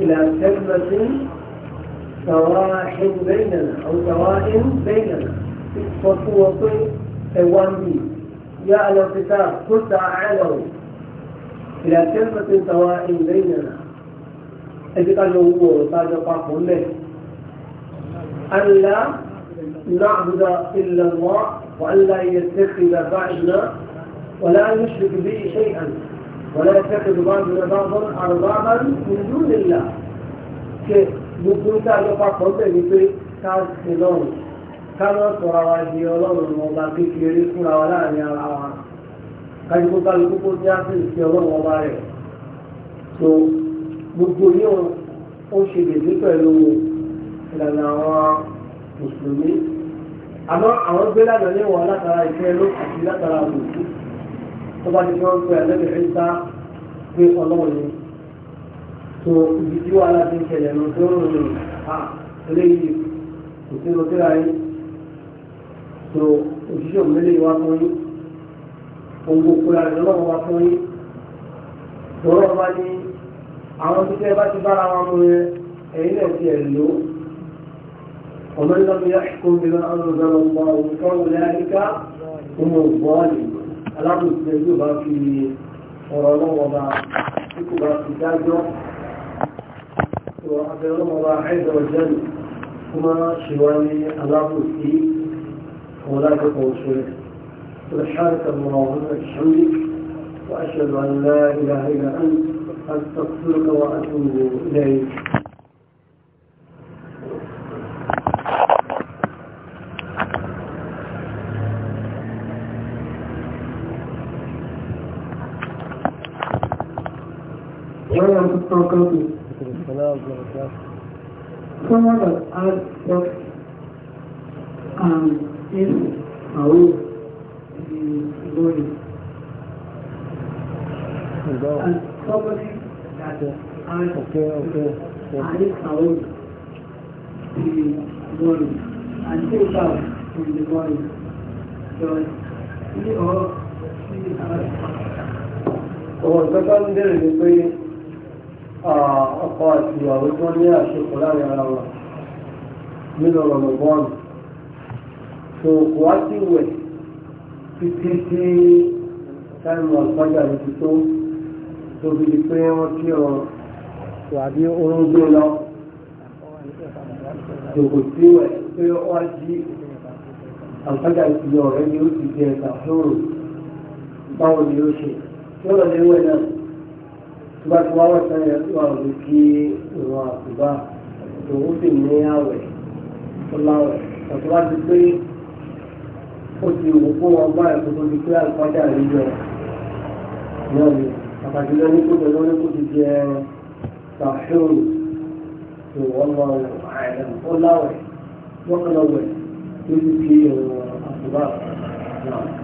إلى كلمة سواح بيننا أو سواء بيننا فصوة سوان بي يا أهل الكتاب قل تعالوا إلى كلمة سواء بيننا ẹjẹ́ ká lọ owó ọ̀rọ̀ tájọ papọ̀ lẹ̀ alá náàbùdá ilẹ̀ wọ́n wà ńlá iye tẹ́kìlá bá iná wọ̀lá yóò bí iṣẹ́ ìhàn wọ̀lá tẹ́kìlá bá iná bá bọ́n àrùbábá nìlú nìlá ṣe gbogbo tájọ papọ̀ bẹ̀ ni pé ká lọ́rùn gbogbo yóò ó ṣe lèdí pẹ̀lú ìlànà àwọn mùsùlùmí àmọ́ àwọn gbé lánàá ní wọn látara ìfẹ́ ló àti látara àbòsí tó bá ti fi wọn pé àlẹ́ bẹ̀rẹ̀ sá pé ọlọ́run ni tó ibi tí wàhálà ti ń ṣẹlẹ̀ lọ tó ń rìn à eléyìí kò sí lọ síra yín tó òṣìṣẹ́ òmìnira wa fún yín ohun gbogbo rẹ̀ lọ́wọ́ wa fún yín lọ́wọ́ bá ní àwọn tí tẹ́ bá ti bára wọn mú yẹn ẹ̀yìn náà ti ẹ̀ lò ọmọ nígbà tó yá kó mi lọ àwọn ọ̀dọ́rọ̀ ọmọ òkúta wọlé àríká ọmọ ògbọ́ọ̀lì alábòsílẹ̀ yóò bá fi ọ̀rọ̀ ọlọ́wọ́ bá tí kò bá fi dájọ́ ọ̀rọ̀ abẹ́rẹ́ لا اله الا انت أستغفرك وأتوب إليك Some of us ask what um, if, how, àtọ̀ ọ̀tọ̀ ọ̀tọ̀ àrí àwọn ìlú mọ́rin àti ìgbà ìlú mọ́rin jọ ní ọ̀rọ̀ sí àwọn ìgbẹ́gbẹ́ ń bèèrè ní pé ọkọ̀ àti ìyàwó tó ní àṣepọ̀ láàrin ara wọn nínú ọ̀rọ̀ bọ́ọ̀lù tó kò wá sí ìwẹ̀ títí tí táìmù àgbájá ní ti tó tó fi di pé wọ́n kí ọ tàbí oorun gbé lọ yòókù sí ẹ̀ pé wọ́n jí àǹfààjà ìpìlẹ̀ ọ̀rẹ́ ni ó ti di ẹ̀ka fúrò báwo ni ó ṣe tí ó lè wẹ̀ náà tó bá ti wá wọ́n sáré ẹ̀ tó wà lórí kí ìrọ̀ àkùbá òun sì ní àwẹ̀ tó láwẹ̀ ọ̀tọ̀ bá ti pé ó ti wò fún wọn báyìí tó tó di pé àǹfààjà ìjọ náà ni pàtàkì lẹ́ni tó bẹ̀rẹ̀ lórí kò ti jẹ tàfíìrù tó wọ́n lọ àìlẹ̀ ó láwẹ̀ wọ́n kọ́ lọ wẹ̀ tó ti fi ọ̀rọ̀ àtúbà náà.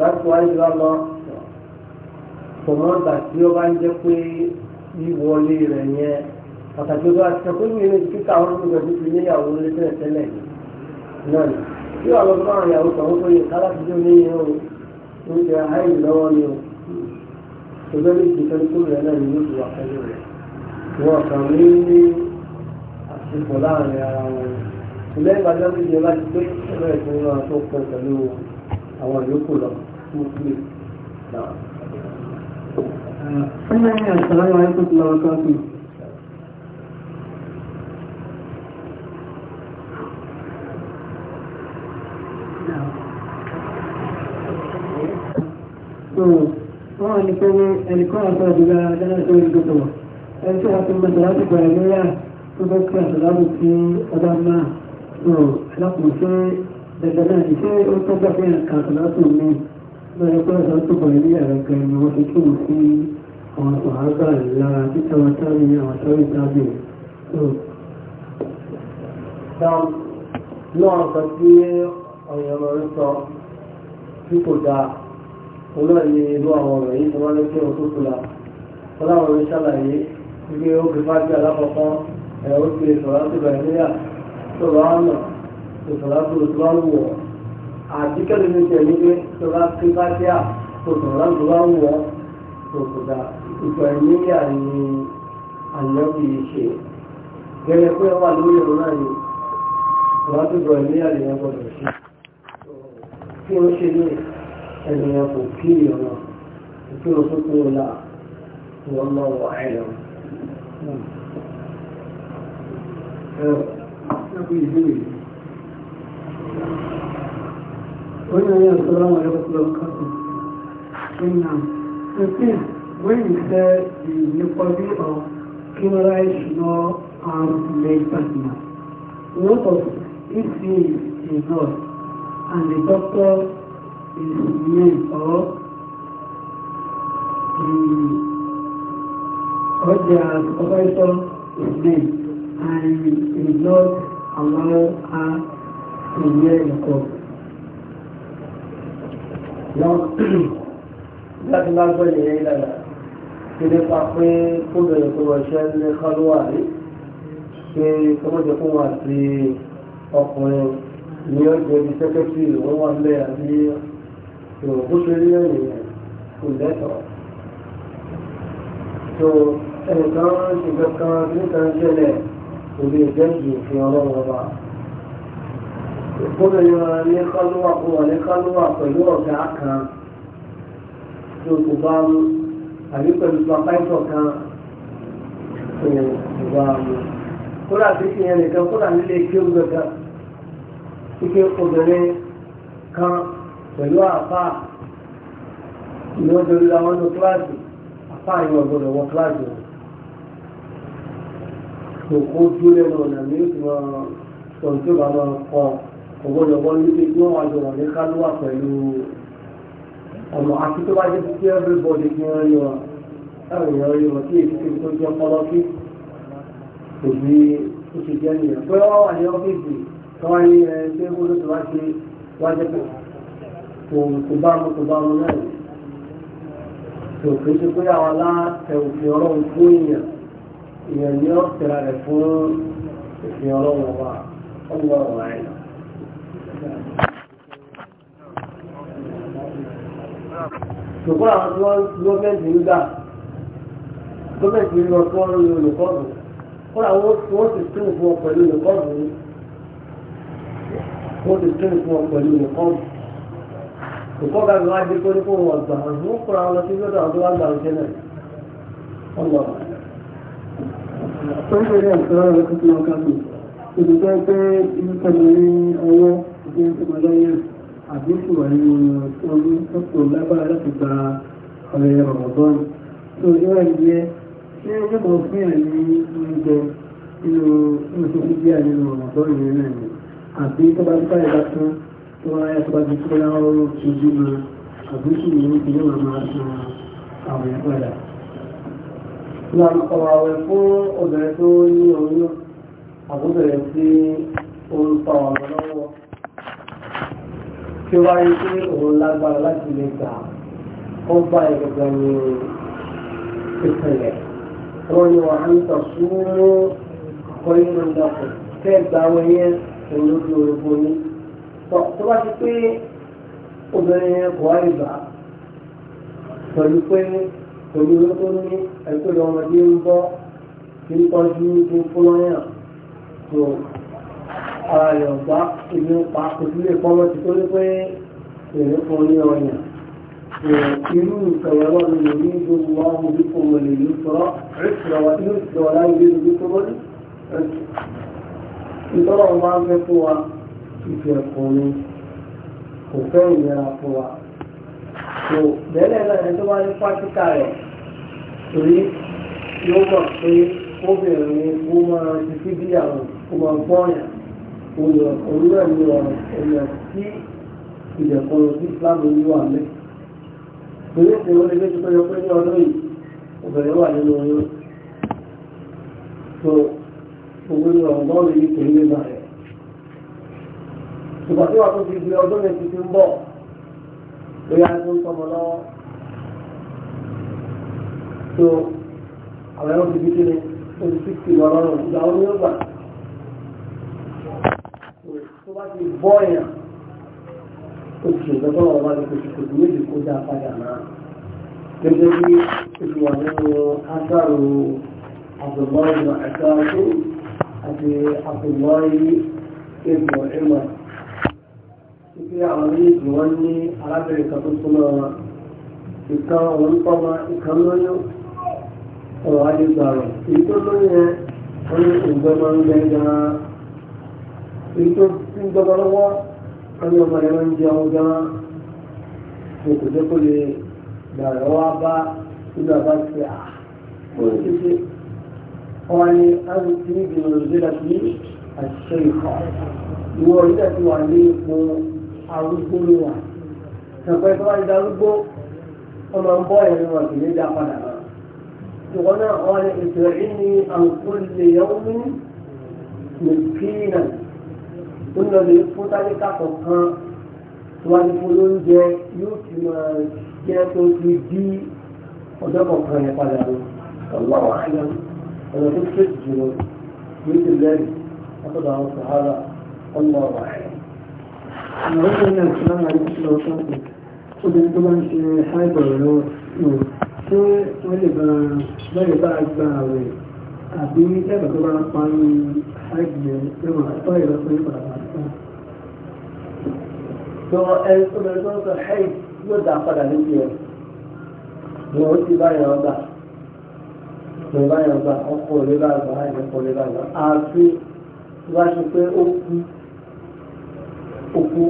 láti wáyé jùlọ lọ tòmọ́gbà tí ó bá ń jẹ́ pé wíwọlé rẹ̀ yẹn pàtàkì ó bá ti sọ pé mi ní kíkà àwọn tó gbẹ̀dú ti níyàwó lé tẹ́lẹ̀ tẹ́lẹ̀ náà ni tí wàá lọ bá àwọn ìyàwó kan wọ́n tó yẹ kálá ti dé ní yẹn o ń jẹ àìlè lọ́wọ́ ni o ṣùgbọ́n ní ìdíkẹ́ni tó rẹ̀ náà ni yóò ti wà pẹ̀lú rẹ̀ wọn kàn ní ní àsìkò láàrin ara wọn lẹ́yìn ìgbàdàn Assalamu alaikum wa rahmatullahi wọ́n ní pé ní ẹnìkan àti àdúgbà dáná tó ń gbogbo wọn ẹni tí wọ́n ti mọ ìdá láti gbàgbé lóyà tó bẹ́ kí àtàlábù tí ọba máa rò lápò ṣe dandan náà ṣe ó tọ́jú àfihàn kan àtàlábù míì lọ́yẹ̀ pé ọ̀sán tó bọ̀ ní ẹ̀rọ gan ni wọ́n fi kí wọ́n sí àwọn sọ̀hánbà lára títà wọn sáré ní àwọn sáré sábẹ̀ náà kan tí ọ̀yàn lọ ń sọ tí kò dáa òun náà ní irú àwọn ọ̀rọ̀ yìí tó wá lé kí wọ́n tó kula wọ́n láwọn ọ̀rọ̀ ṣàlàyé wípé ó fi fájú alákọ̀ọ́kọ́ ẹ̀ bẹ̀rẹ̀ níyà tó bá wà náà tó sọ̀rọ̀ tó bá wù àti kẹ́lẹ́ ní tẹ̀ ní pé tó bá ké bá tẹ́ à tó tàn láti tó bá wù ọ́ tó kò dà ìgbà ìníyà ni àná kì í ṣe gẹ́gẹ́ pé wà lórí ọ̀rọ̀ náà ni wọ́n tó gbọ́ ìníyà ni wọ́n gbọ́dọ̀ ṣe kí wọ́n ṣe ní ẹnìyàn kò kí ọ̀nà kí wọ́n tó kú ọ̀la Wannan yin salamu ya wasu lokacin. Inna, fifteen, when you said the equality of criminalized law and lay partner, what of if he is a nurse ah, and the doctor is named or the or their is named and is not allowed her to wear the coat? láti máa gbọ́ ìyẹn ìlànà tí nípa pé kó bẹ̀rẹ̀ pé wọ́n ṣe ń kọ́lọ́wà rí pé kọ́mọ́jọ fún wa àti ọkùnrin ní ọjọ́ ibi sẹ́kẹ́tì wọ́n wà lẹ́ àbí ìwọ̀n bó ṣe rí ẹ̀yìn kò lẹ́tọ̀ọ́. tó ẹnìkan ṣe kankan nípa ìṣẹ̀lẹ̀ òbí ìjẹ́jì òfin ọlọ́run ọba ìkúrò yan ní kọ́lúwà kó wà ní kọ́lúwà pẹ̀lú ọ̀gá kan tó kò bá mú àbí pẹ̀lú pàpáìtọ̀ kan tó kò bá mú. kúrò àti ìyẹn nìkan kúrò nílé kéwù gẹ́gẹ́ ike obìnrin kan pẹ̀lú àpá ìlú ọjọ́ ìlú àwọn ọdún kíláàsì apá ìwọ̀n gbọ́dọ̀ wọ kíláàsì wọn kò kó dúró lẹ́nu ọ̀nà ní ìtumọ̀ tòun tó bá máa kọ́ ọ ògbọ́dọ̀ bọ́ níbi tí wọ́n wá jọ wọ̀n ní kálúwà pẹ̀lú ọ̀nà àti tó bá jẹ́ sí everybody kí wọ́n rí wọn táwọn èèyàn rí wọn tí èyí ti tó jẹ́ pọ́lọ́kì kò ní ó ṣe jẹ́ nìyẹn pé wọ́n wà ní ọ́fíìsì tí wọ́n rí ẹ pé kó ló ti wá ṣe wá jẹ́ pé kò bá mu kò bá mu náà yìí kò kì í ṣe pé àwọn aláṣẹ òfin ọlọ́run fún èèyàn èèyàn ní ọ̀sẹ̀ rẹ̀ fún òfin ọlọ́run ọba ọlọ́run ọ̀rẹ́ náà. ṣùgbọ́n àwọn tí wọ́n gọ́ọ̀mẹ̀ntì ń gbà gọ́ọ̀mẹ̀ntì ń lọ fún ọ́nà olùkọ́ọ̀bù kọ́ra wọ́n ti tún fún ọ pẹ̀lú olùkọ́ọ̀bù yìí wọ́n ti tún fún ọ pẹ̀lú olùkọ́ọ̀bù olùkọ́ bá mi wá dé kó ní kó wọ́n gbà wọ́n kọ́ra wọn lọ sí lọ́dọ̀ àwọn wá gbà wọ́n jẹ́ náà wọ́n lọ. ó ń bẹ̀rẹ̀ àtàrà rẹ̀ kó tó wọn ká àbí sì wà nínú ọdún tọ́pọ̀ lágbára láti gba ọ̀rẹ́ rọ̀mọ̀dọ́n tó níwà ìyẹ́ ṣé ó mọ̀ fún yà ní oúnjẹ nínú oṣù bíbíà nínú rọ̀mọ̀dọ́n yẹn ni àbí tó bá dúpá ìbá tán tó bá yá tó bá di kó láwọn ọrọ̀ ojú mọ àbí sì ní oúnjẹ yóò máa san àwọn ẹ̀ padà. Ìlànà ọ̀rọ̀ àwẹ̀ fún obìnrin tí ó wáyé pé òun lágbára láti lè gbà ó bá ìgbàgbọ́ ní ìpìlẹ̀ wọ́n ní wọ́n á ń tàn súnmọ́ kọ́ inú ìdàpọ̀ tẹ́ gbà wọ́n yẹn òun ló fi orúkọ ní. tó bá ti pé obìnrin yẹn kò wá ìgbà pẹ̀lú pé pẹ̀lú owó ní ẹgbẹ́ ọmọdé ń bọ́ kí ń tọ́jú kí ń fún tó ara rẹ̀ ọ̀gbá ìlú pa òsílẹ̀ pọ́nmọ́ ti tó ní pé èrè fún ní ọ̀yàn irú ìkẹ̀wẹ̀ lọ́nà lè ní gbogbo wọn mú bí kò wọlé ìlú sọ́rọ́ ìṣòro inú ìṣòro láyé bí ibi tó wọlé ìtọ́rọ̀ wọn máa ń fẹ́ fún wa ìfẹ́ ẹ̀kọ́ ni kò fẹ́ ìlera fún wa tó bẹ́ẹ̀ náà ẹni tó bá ní pátíkà rẹ̀ torí yóò mọ̀ pé obìnrin ó máa ti fi bí àwọn ọmọ ọgbọ́n yẹn òun náà ni ọ̀nà tí ìdẹ̀kùn sí Islam ní wà lẹ́ torí pé wọ́n lè gbé tuntun yọ pé ní ọdún yìí obìnrin wà nínú oyún tó gbogbo ní ọ̀gbọ́n mi ní kò ní lè bà rẹ̀ ṣùgbọ́n tí wàá tó ti di ọdún yẹn ti ti ń bọ̀ lórí aṣọ ń sọmọ lọ́wọ́ tó àwọn ẹ̀rọ ti di kí ni tó bá ti bọ́ ẹ̀yàn ó ti lọ́tọ́ lọ́wọ́ bá ti kò kò tó méjì kó dá padà náà gẹ́gẹ́ bí oṣù wà nínú agbárò àbùmọ́rin àgbárò àti àbùmọ́rin ìgbọ̀n ìmọ̀ ìpé àwọn méjì wọ́n ní arábìnrin kan tó súnmọ́ wọn ìkan òun tọ́mọ ìkan lóyún ọ̀rọ̀ adégbàrọ̀ èyí tó lóyún yẹn wọ́n ní ìgbẹ́ máa ń gbẹ́ gan-an èyí tó ń gbọ́dọ̀ lọ́wọ́ ẹni ọmọ rẹ̀ máa ń jẹ ọmọ gan-an mo kò jẹ́ kó lè gbàrẹ̀ wá bá nínú àbá ti à ó ń ṣe ṣe ọmọ ni a ń ti ní ìgbìmọ̀ lòdì láti ní àṣìṣe ìkọ́ ìwọ orílẹ̀ ti wà ní ipò arúgbó ló wà ṣàpẹ́ tó bá ti darúgbó ọmọ ń bọ́ ẹ̀rín wọn kì í dá padà náà ṣùgbọ́n náà ọmọ ìṣẹ̀rí ni àǹkó lè yẹ ó lọ lè fún táníkà kọ̀ọ̀kan tó wá ní fún lóúnjẹ yóò fi máa jẹ́ tó fi dí ọjọ́ kọ̀ọ̀kan yẹn padà lọ ọ̀lá wàhálà ọ̀nà tó ṣe jùlọ ní ti lẹ́rì látọ̀dọ̀ àwọn sàhálà ọ̀lá wàhálà. àwọn ọ̀rọ̀ náà ti máa ń ṣe ọ̀sán kù obìnrin tó bá ń ṣe ṣáìbọ̀ lọ́wọ́ ṣé wọ́n lè bá bá gba àwẹ̀ àbí ẹ̀bà tó bá parí àìjẹ́ ẹ̀mà ẹ̀tọ́ ìrọ̀sọ́ ìpàdà pàtàkì. Sọ ẹni tó bẹ̀rẹ̀ tó ń sọ ẹ̀yìn yóò dá padà níbi ẹ̀. Mo ó ti báyọ̀ ọgbà. Mo báyọ̀ ọgbà ọkọ̀ òlé bàgbà àìjẹ́kọ̀ òlé bàgbà. Àfi wá ṣe pé ó kú òkú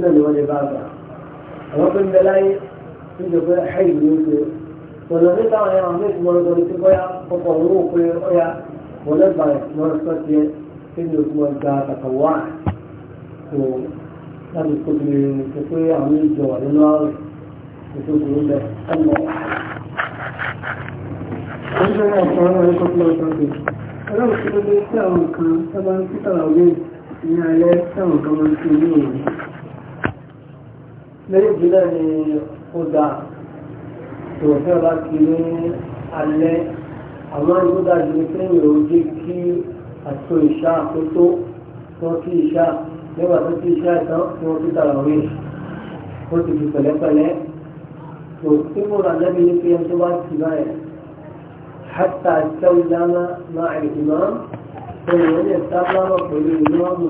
náà ni wọ́n lè bàgbà. Àwọn tó ń bẹ láyé ń jẹ pé ẹ̀yìn ló ń ṣe. Pẹ̀lú ní táwọn ẹran méjì ọkọ̀ òun ò pé ọya mo lẹ́gbàá rẹ̀ mo rẹ̀ sọ tiẹ̀ kí ni òkú ọjà àtàkọ̀wá tó láti tóbi tó pé àwọn ìjọ wà nínú ààrẹ tó tó burú bẹ́ẹ̀ ẹ̀mọ́. Oúnjẹ náà sọ ọ́nà ẹ̀kọ́ tó lọ sọ́dọ̀. Ọlọ́run tó lé sí àwọn kan sábà ń títàrà òwe ní alẹ́ táwọn kan máa ń fi ní òun. Lẹ́yìn ìbílẹ̀ ni ó dáa. Tòun fẹ́ bá kiri alẹ́ àmọ́ ìlú dájú ni pé èèyàn ò jẹ́ kí àtò ìṣá àkótó wọn kí ìṣá nígbà tó kí ìṣá ìtàn tí wọ́n fi tààrà wí ó ti fi pẹ̀lẹ́pẹ̀lẹ́ tó tí mo rà lẹ́bi ní pé ẹni tó bá ti báyẹ̀ hátà ìtẹ́wìdáná máa ìdìmọ́ èèyàn lè sábàmọ̀ pẹ̀lú ìlúwàmù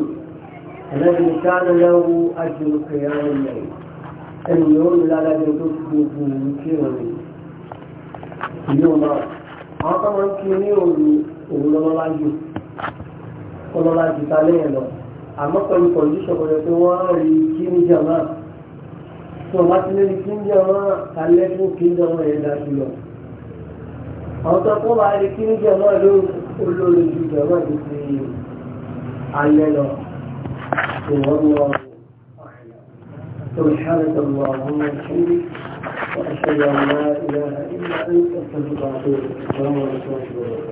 ẹ̀lẹ́bi ní káàdà lẹ́wọ́ àjùmọ̀ kẹ̀yà ẹ̀yẹ ẹni yóò ní lálẹ́ bí ó tó gbogbo ìlú kí ìrọ̀lẹ́ ìlú náà àwọn tó máa ń kí ní òru òun lọ́lọ́lá jù ọlọ́lá jù ta lẹ́yìn lọ àmọ́ pẹ̀lú kọ̀ǹdíṣọ̀ kọ̀ọ̀dọ̀ pé wọ́n á rí kí ní jàmá tí wọ́n bá ti lé ní kí ní jàmá alẹ́ fún kí ní jàmá yẹn dá jù lọ. àwọn tó kọ́ bá rí kí ní jàmá ló olóore ju jàmá ti fi alẹ́ lọ ìwọ́n lọ. سبحانك اللهم وبحمدك وأشهد أن لا إله إلا أنت أستغفرك وأتوب السلام عليكم ورحمة الله